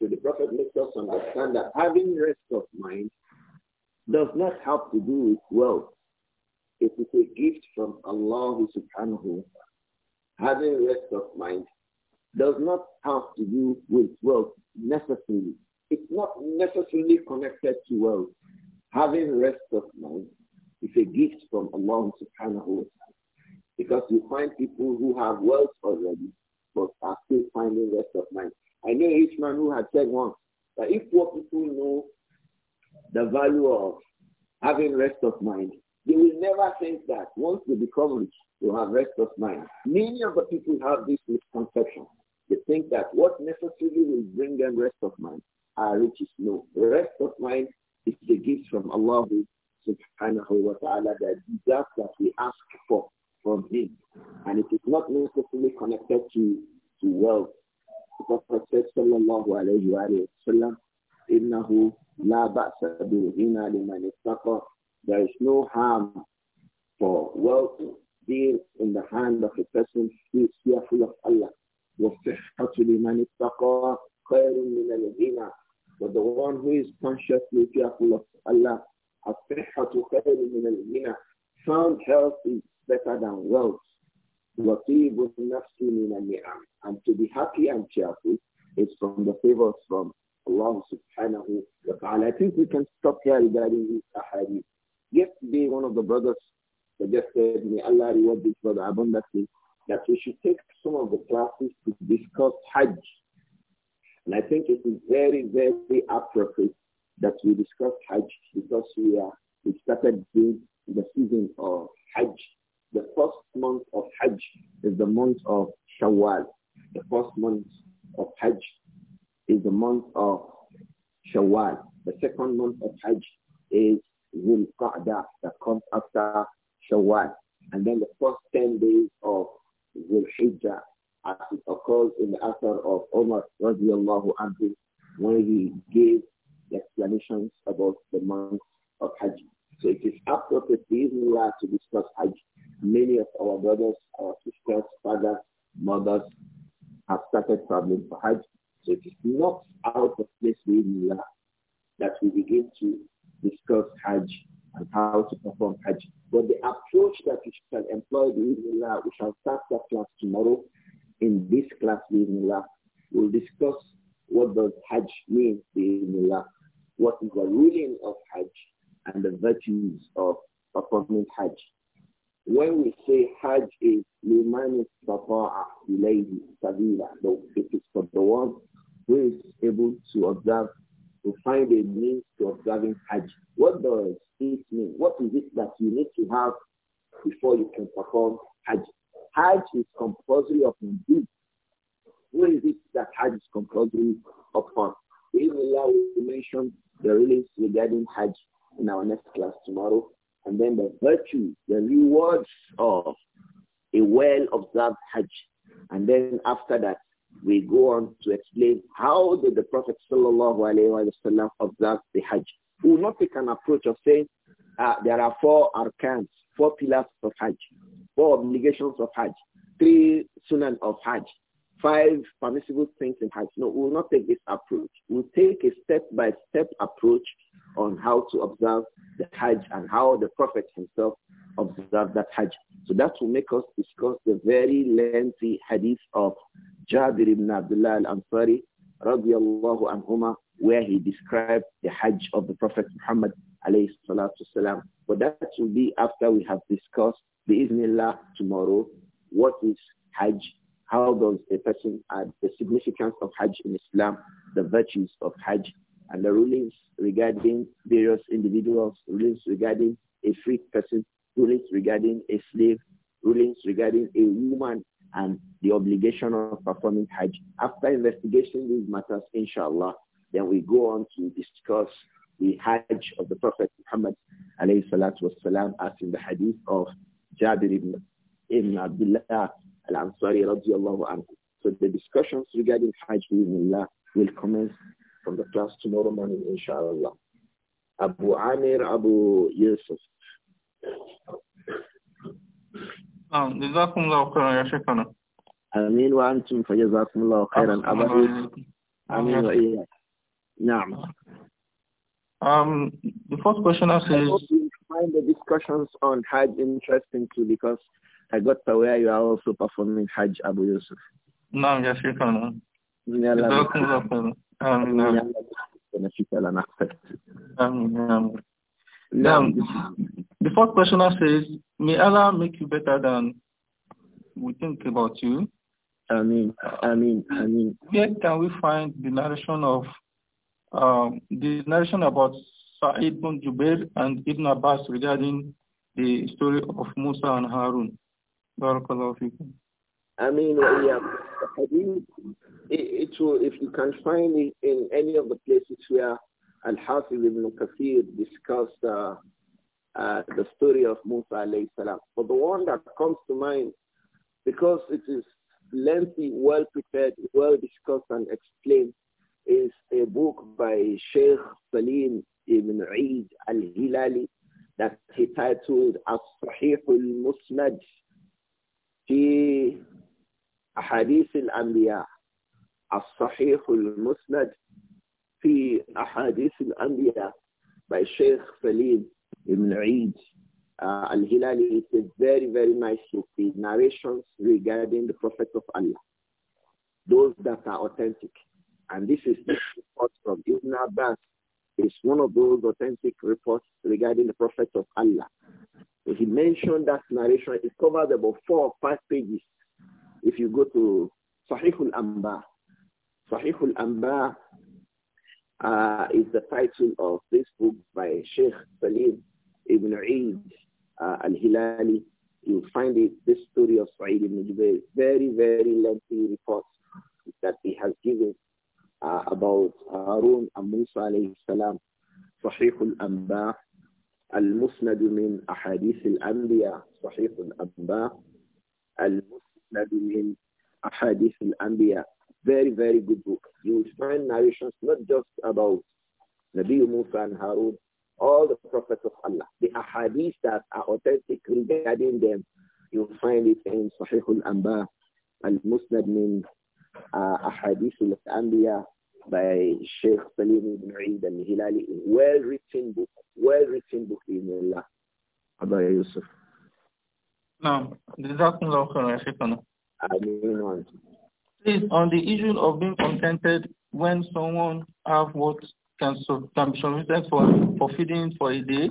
So the Prophet makes us understand that having rest of mind does not have to do with wealth. It is a gift from Allah subhanahu. Having rest of mind does not have to do with wealth necessarily. It's not necessarily connected to wealth. Having rest of mind is a gift from Allah subhanahu wa ta'ala. Because you find people who have wealth already, but are still finding rest of mind. I know each man who had said once that if poor people know the value of having rest of mind, they will never think that once they become rich, they'll have rest of mind. Many of the people have this misconception. They think that what necessarily will bring them rest of mind are riches. No, rest of mind is the gift from Allah subhanahu wa ta'ala, the desire that we ask for from him. And it is not necessarily connected to, to wealth. The Prophet said, sallallahu alayhi wa sallam, إِنَّهُ لَا بَأْسَ بِهِنَا لِمَنِ There is no harm for wealth being in the hand of a person who is fearful of Allah. وَالصِّحَّةُ لِمَنِ اتَّقَى خَيْرٌ مِنَ الْغِنَى But the one who is consciously fearful of Allah, الصِّحَّةُ خَيْرٌ مِنَ الْغِنَى Sound health is better than wealth. And to be happy and cheerful is from the favors from Allah subhanahu wa ta'ala. I think we can stop here regarding this ahadith. Yesterday, one of the brothers suggested, may Allah reward this brother abundantly, that we should take some of the classes to discuss Hajj. And I think it is very, very appropriate that we discuss Hajj because we are we started doing the season of Hajj the first month of Hajj is the month of Shawwal. The first month of Hajj is the month of Shawwal. The second month of Hajj is Zul Qa'dah that comes after Shawwal. And then the first 10 days of Zul Hijjah as it occurs in the author of Omar radiallahu anhu when he gave the explanations about the month of Hajj. So it is appropriate to discuss Hajj. Many of our brothers, our sisters, fathers, mothers have started traveling for Hajj. So it is not out of place are that we begin to discuss Hajj and how to perform Hajj. But the approach that we shall employ Bismillah, we shall start that class tomorrow. In this class Bismillah, we'll discuss what does Hajj mean Bismillah, what is the ruling of Hajj, and the virtues of performing Hajj. When we say Hajj is لِمَنِ اسْتَطَاعَ إِلَيْهِ سَبِيلًا It is for the one who is able to observe, to find a means to observing Hajj. What does it mean? What is it that you need to have before you can perform Hajj? Hajj is compulsory upon you. What is it that Hajj is compulsory upon? We will mention the rules regarding Hajj in our next class tomorrow. And then the virtue, the rewards of a well-observed Hajj. And then after that, we go on to explain how did the Prophet wasallam observe the Hajj. We will not take an approach of saying uh, there are four arcans, four pillars of Hajj, four obligations of Hajj, three sunan of Hajj, five permissible things in Hajj. No, we will not take this approach. We'll take a step by -step approach on how to observe the Hajj and how the Prophet himself observed that Hajj. So that will make us discuss the very lengthy hadith of Jabir ibn Abdullah al-Ansari radiallahu anhuma where he described the Hajj of the Prophet Muhammad alayhi salatu salam. But that will be after we have discussed the Iznillah tomorrow, what is Hajj, how does a person add the significance of Hajj in Islam, the virtues of Hajj, and the rulings regarding various individuals, rulings regarding a free person, rulings regarding a slave, rulings regarding a woman, and the obligation of performing Hajj. After investigating these matters, inshallah, then we go on to discuss the Hajj of the Prophet Muhammad alayhi salatu wasalam as in the hadith of Jabir ibn, ibn Abdullah al-Ansari radiallahu anhu. So the discussions regarding Hajj will commence from the class tomorrow morning, inshallah. Abu Amir Abu Yusuf. جزاكم الله خيرا يا شيخنا امين وانتم فجزاكم الله خيرا ابدا امين Um, the first question I says, find the discussions on Hajj interesting too because I got to aware you are also performing Hajj Abu Yusuf. نعم يا شيخنا. Um, the fourth questioner says, May Allah make you better than we think about you. I mean, I mean, I mean. Where can we find the narration of um, the narration about Sa'id bin Jubair and Ibn Abbas regarding the story of Musa and Harun? Barakallahu I mean, yeah, the it, it will, if you can find it in any of the places where Al-Hafiz ibn Kathir discussed uh, uh, the story of Musa alayhi salam. But the one that comes to mind, because it is lengthy, well prepared, well discussed and explained, is a book by Sheikh Salim ibn Eid al-Hilali that he titled As-Sahih al-Musnad fi Ahadith al-Anbiya. الصحيح المسند في أحاديث الأنبياء by Sheikh Salim Ibn Eid uh, Al-Hilali is a very, very nice book. The narrations regarding the Prophet of Allah, those that are authentic. And this is this report from Ibn Abbas. It's one of those authentic reports regarding the Prophet of Allah. He mentioned that narration. It covers about four or five pages. If you go to Sahih al-Anba, Sahih al-Amba uh, is the title of this book by Sheikh Salim ibn Eid uh, al-Hilali. You'll find it, this story of Sa'id ibn Jubayr, very, very lengthy reports that he has given uh, about Harun and Musa alayhi salam. Sahih al-Amba, al-Musnad min Ahadith al-Anbiya, Sahih al-Amba, al-Musnad min Ahadith al-Anbiya, very, very good book. You will find narrations not just about Nabi Musa and Harun, all the prophets of Allah. The ahadith that are authentic regarding them, you'll find it in Sahih al-Anba, al-Musnad min uh, Ahadith al-Anbiya by Sheikh Salim ibn Eid al-Hilali. Well-written book, well-written book in Allah. Abba Yusuf. نعم جزاكم الله خيرا يا شيخنا آمين وأنتم Please, on the issue of being contented when someone have what can, can be submitted for, for feeding for a day,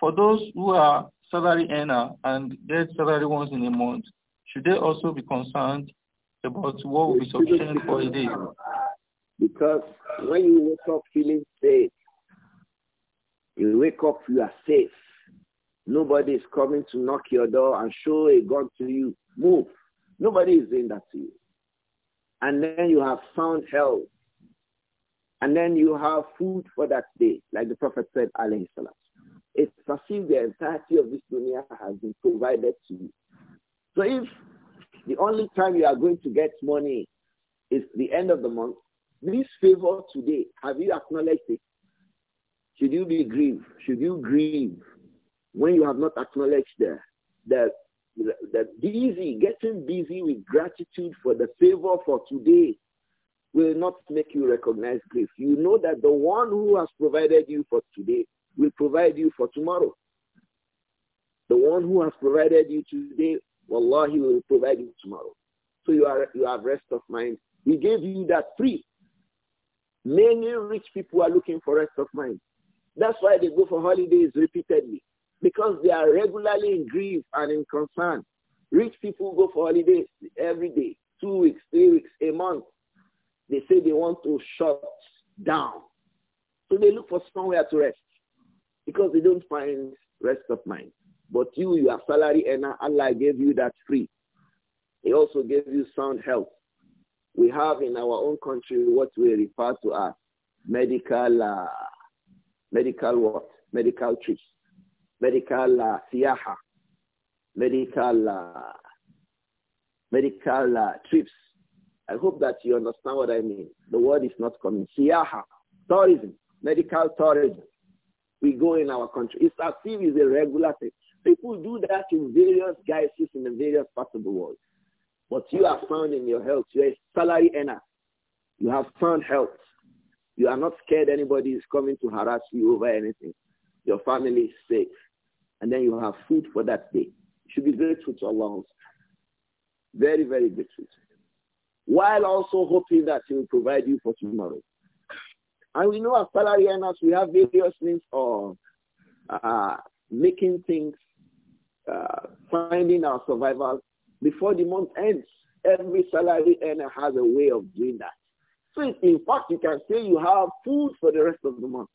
for those who are salary earner and get salary once in a month, should they also be concerned about what will be sufficient for a day? Because when you wake up feeling safe, you wake up, you are safe. Nobody is coming to knock your door and show a gun to you. Move. Nobody is doing that to you and then you have sound health, and then you have food for that day, like the Prophet said, alayhi salam. It's as if the entirety of this dunya has been provided to you. So if the only time you are going to get money is the end of the month, this favor today, have you acknowledged it? Should you be grieved? Should you grieve when you have not acknowledged the, the that busy, getting busy with gratitude for the favor for today will not make you recognize grace. You know that the one who has provided you for today will provide you for tomorrow. The one who has provided you today, Allah, he will provide you tomorrow. So you, are, you have rest of mind. He gave you that free. Many rich people are looking for rest of mind. That's why they go for holidays repeatedly because they are regularly in grief and in concern. Rich people go for holidays every day, two weeks, three weeks, a month. They say they want to shut down. So they look for somewhere to rest because they don't find rest of mind. But you, you are salary earner. Allah gave you that free. He also gave you sound health. We have in our own country what we refer to as medical, uh, medical what? Medical trips medical uh, siyaha, medical uh, medical uh, trips. I hope that you understand what I mean. The word is not coming. Siyaha, tourism, medical tourism. We go in our country. It's as if it's a regular thing. People do that in various guises in the various parts of the world. But you are found in your health. You're a salary earner. You have found health. You are not scared anybody is coming to harass you over anything. Your family is safe and then you have food for that day. You should be grateful to Allah. Very, very grateful. While also hoping that He will provide you for tomorrow. And we know as earners, we have various means of uh, making things, uh, finding our survival before the month ends. Every salary earner has a way of doing that. So in fact, you can say you have food for the rest of the month.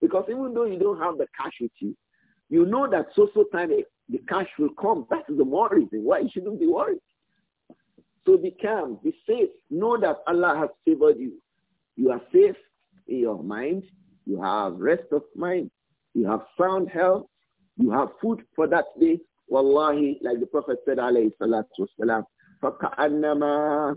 Because even though you don't have the cash with you, you know that so-so time eh, the cash will come. That is the more reason why you shouldn't be worried. So be calm, be safe. Know that Allah has favored you. You are safe in your mind. You have rest of mind. You have sound health. You have food for that day. Wallahi, like the Prophet said, alayhi salatu wasalam, فَكَأَنَّمَا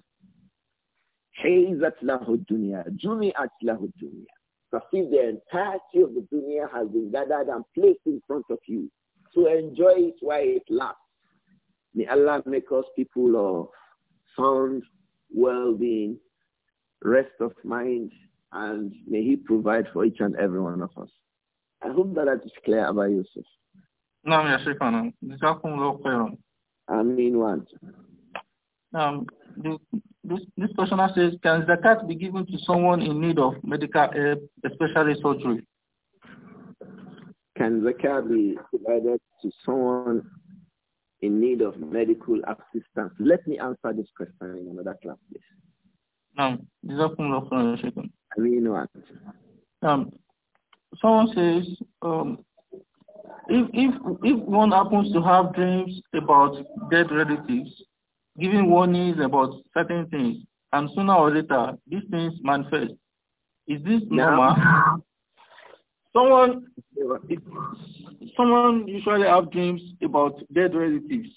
حَيْزَتْ لَهُ الدُّنْيَا جُمِعَتْ لَهُ الدُّنْيَا as if the entirety of the dunya has been gathered and placed in front of you. to enjoy it while it lasts. May Allah make us people of sound well-being, rest of mind, and may He provide for each and every one of us. I hope that that is clear about Yusuf. نعم يا شيخنا جزاكم الله خيرا. آمين وأنت. Um, this, this questioner says, can zakat be given to someone in need of medical help, especially surgery? Can zakat be provided to someone in need of medical assistance? Let me answer this question in another class, please. No, I mean what? Um, someone says, um, if if if one happens to have dreams about dead relatives, giving warnings about certain things, and sooner or later, these things manifest. Is this normal? Someone, someone usually have dreams about dead relatives,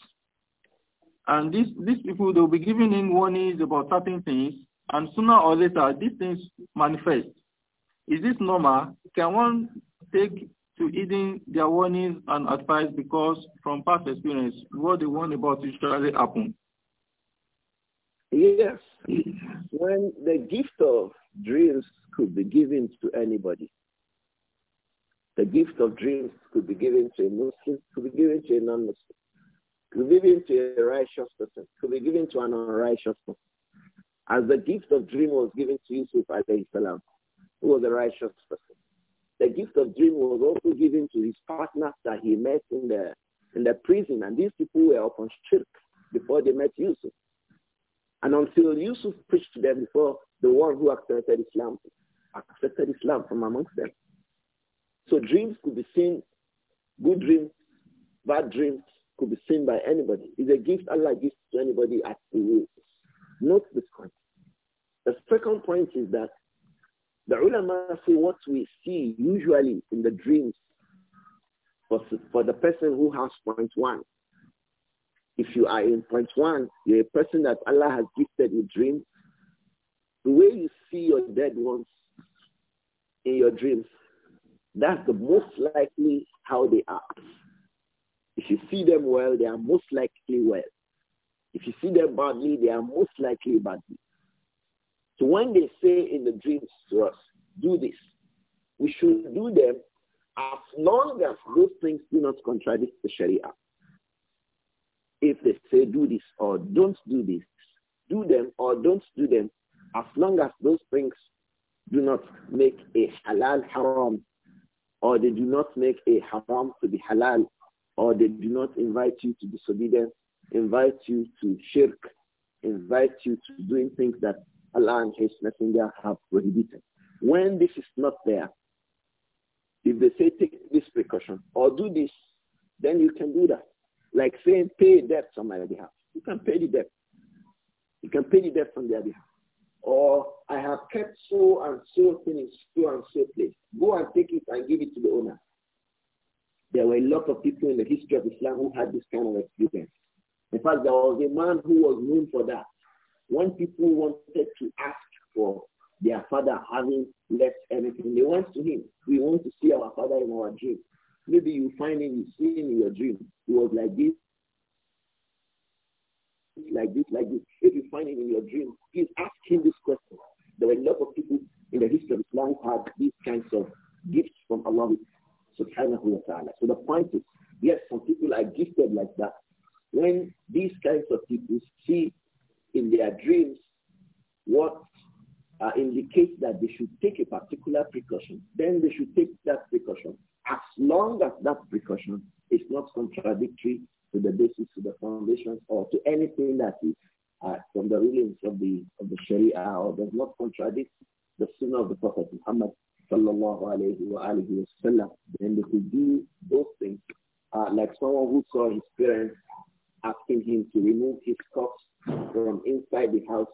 and these these people they'll be giving him warnings about certain things, and sooner or later, these things manifest. Is this normal? Can one take to eating their warnings and advice because from past experience, what they warn about usually happen? Yes. Mm-hmm. When the gift of dreams could be given to anybody, the gift of dreams could be given to a Muslim, could be given to a non-Muslim, could be given to a righteous person, could be given to an unrighteous person. As the gift of dream was given to Yusuf alayhi salam, who was a righteous person. The gift of dream was also given to his partners that he met in the in the prison, and these people were upon shirk before they met Yusuf. And until Yusuf preached to them before, the one who accepted Islam accepted Islam from amongst them. So dreams could be seen, good dreams, bad dreams could be seen by anybody. It's a gift Allah gives to anybody at the will. Note this point. The second point is that the ulama say what we see usually in the dreams for, for the person who has point one if you are in point one, you're a person that Allah has gifted with dreams. The way you see your dead ones in your dreams, that's the most likely how they are. If you see them well, they are most likely well. If you see them badly, they are most likely badly. So when they say in the dreams to us, do this, we should do them as long as those things do not contradict the Sharia. If they say do this or don't do this, do them or don't do them, as long as those things do not make a halal haram, or they do not make a haram to be halal, or they do not invite you to disobedience, invite you to shirk, invite you to doing things that Allah and His Messenger have prohibited. When this is not there, if they say take this precaution or do this, then you can do that. Like saying pay debts on my behalf. You can pay the debt. You can pay the debt on their behalf. Or I have kept so and so things, so and so place. Go and take it and give it to the owner. There were a lot of people in the history of Islam who had this kind of experience. In fact, there was a man who was known for that. When people wanted to ask for their father having left everything, they went to him. We want to see our father in our dream. Maybe you find him, you see him in your dream. He was like this, like this, like this. If you find him in your dream, he's asking this question. There were a lot of people in the history of Islam who had these kinds of gifts from Allah subhanahu wa ta'ala. So the point is, yes, some people are gifted like that. When these kinds of people see in their dreams what uh, indicates that they should take a particular precaution, then they should take that precaution as long as that precaution is not contradictory to the basis, to the foundations, or to anything that is uh, from the rulings of the of the Sharia or does not contradict the Sunnah of the Prophet Muhammad sallallahu alayhi wa alayhi wa then they could do those things. Uh, like someone who saw his parents asking him to remove his cups from inside the house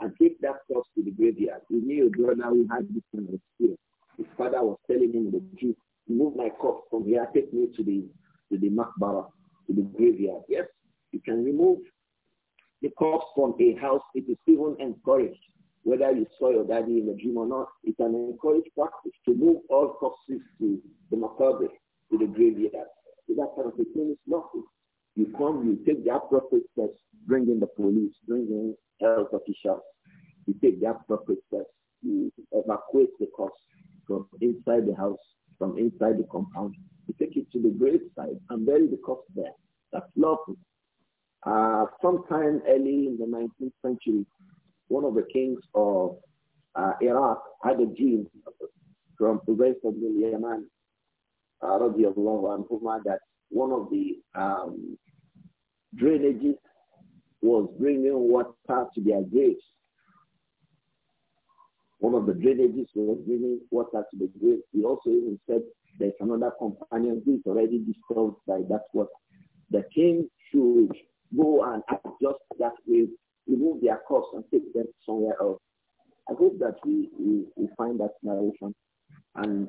and take that cups to the graveyard. He knew a brother who had this kind of experience. His father was telling him the truth move my corpse from here, take me to the to the makbara, to the graveyard. Yes, you can remove the corpse from a house. It is even encouraged, whether you saw your daddy in the dream or not. It's an encouraged practice to move all corpses to the makbara, to the graveyard. So that kind of a thing is nothing. You come, you take the appropriate steps, bring in the police, bring in health officials. You take the appropriate steps, you evacuate the corpse from inside the house from inside the compound. You take it to the grave site and bury the corpse there. That's lawful. Uh, sometime early in the 19th century, one of the kings of uh, Iraq had a dream from a ibn of law and anhuma, that one of the um, drainages was bringing water to their graves one of the drainages was giving water to the grave. He also even said there's another companion who is already disturbed by that water. The king should go and adjust that grave, remove their costs and take them somewhere else. I hope that we, we, we find that narration. And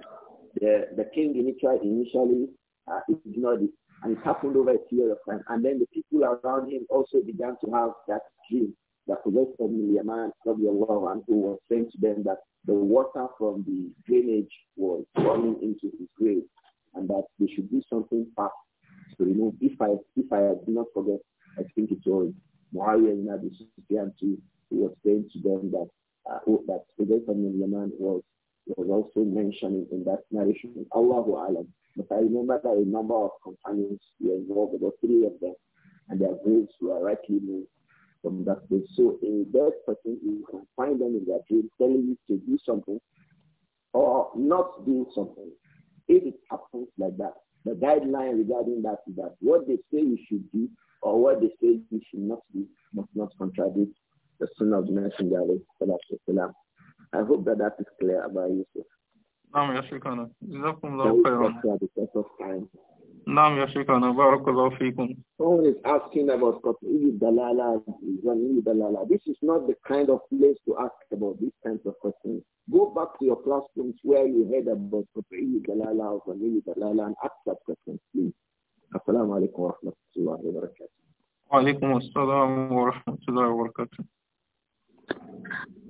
the, the king initially, initially uh, ignored it. And it happened over a period of time. And then the people around him also began to have that dream that Hudayf ibn Yaman and who was saying to them that the water from the drainage was running into his grave and that they should do something fast to remove. If I, if I do not forget, I think it was Muawiyah ibn Abi Sufyan too, who was saying to them that uh, that Hudayf ibn man was was also mentioned in that narration. Allahu Alam. But I remember that a number of companions were involved, about three of them, and their graves were rightly moved from that place. So a dead person, you can find them in their dream telling you to do something or not do something. If it happens like that, the guideline regarding that is that what they say you should do or what they say you should not do must not contradict the Sunnah of the Messenger. I hope that that is clear about Yusuf. نعم يا شيخنا جزاكم الله خيرا. Naam, Ya Shaykhana. Barakallahu feekum. Someone is asking about Qat'i Dalala, Zanini Dalala. This is not the kind of place to ask about these kinds of questions. Go back to your classrooms where you heard about Qat'i Dalala or Zanini Dalala and ask that question, please. Assalamu alaikum wa rahmatullahi wa barakatuh. Wa alaikum assalam wa rahmatullahi wa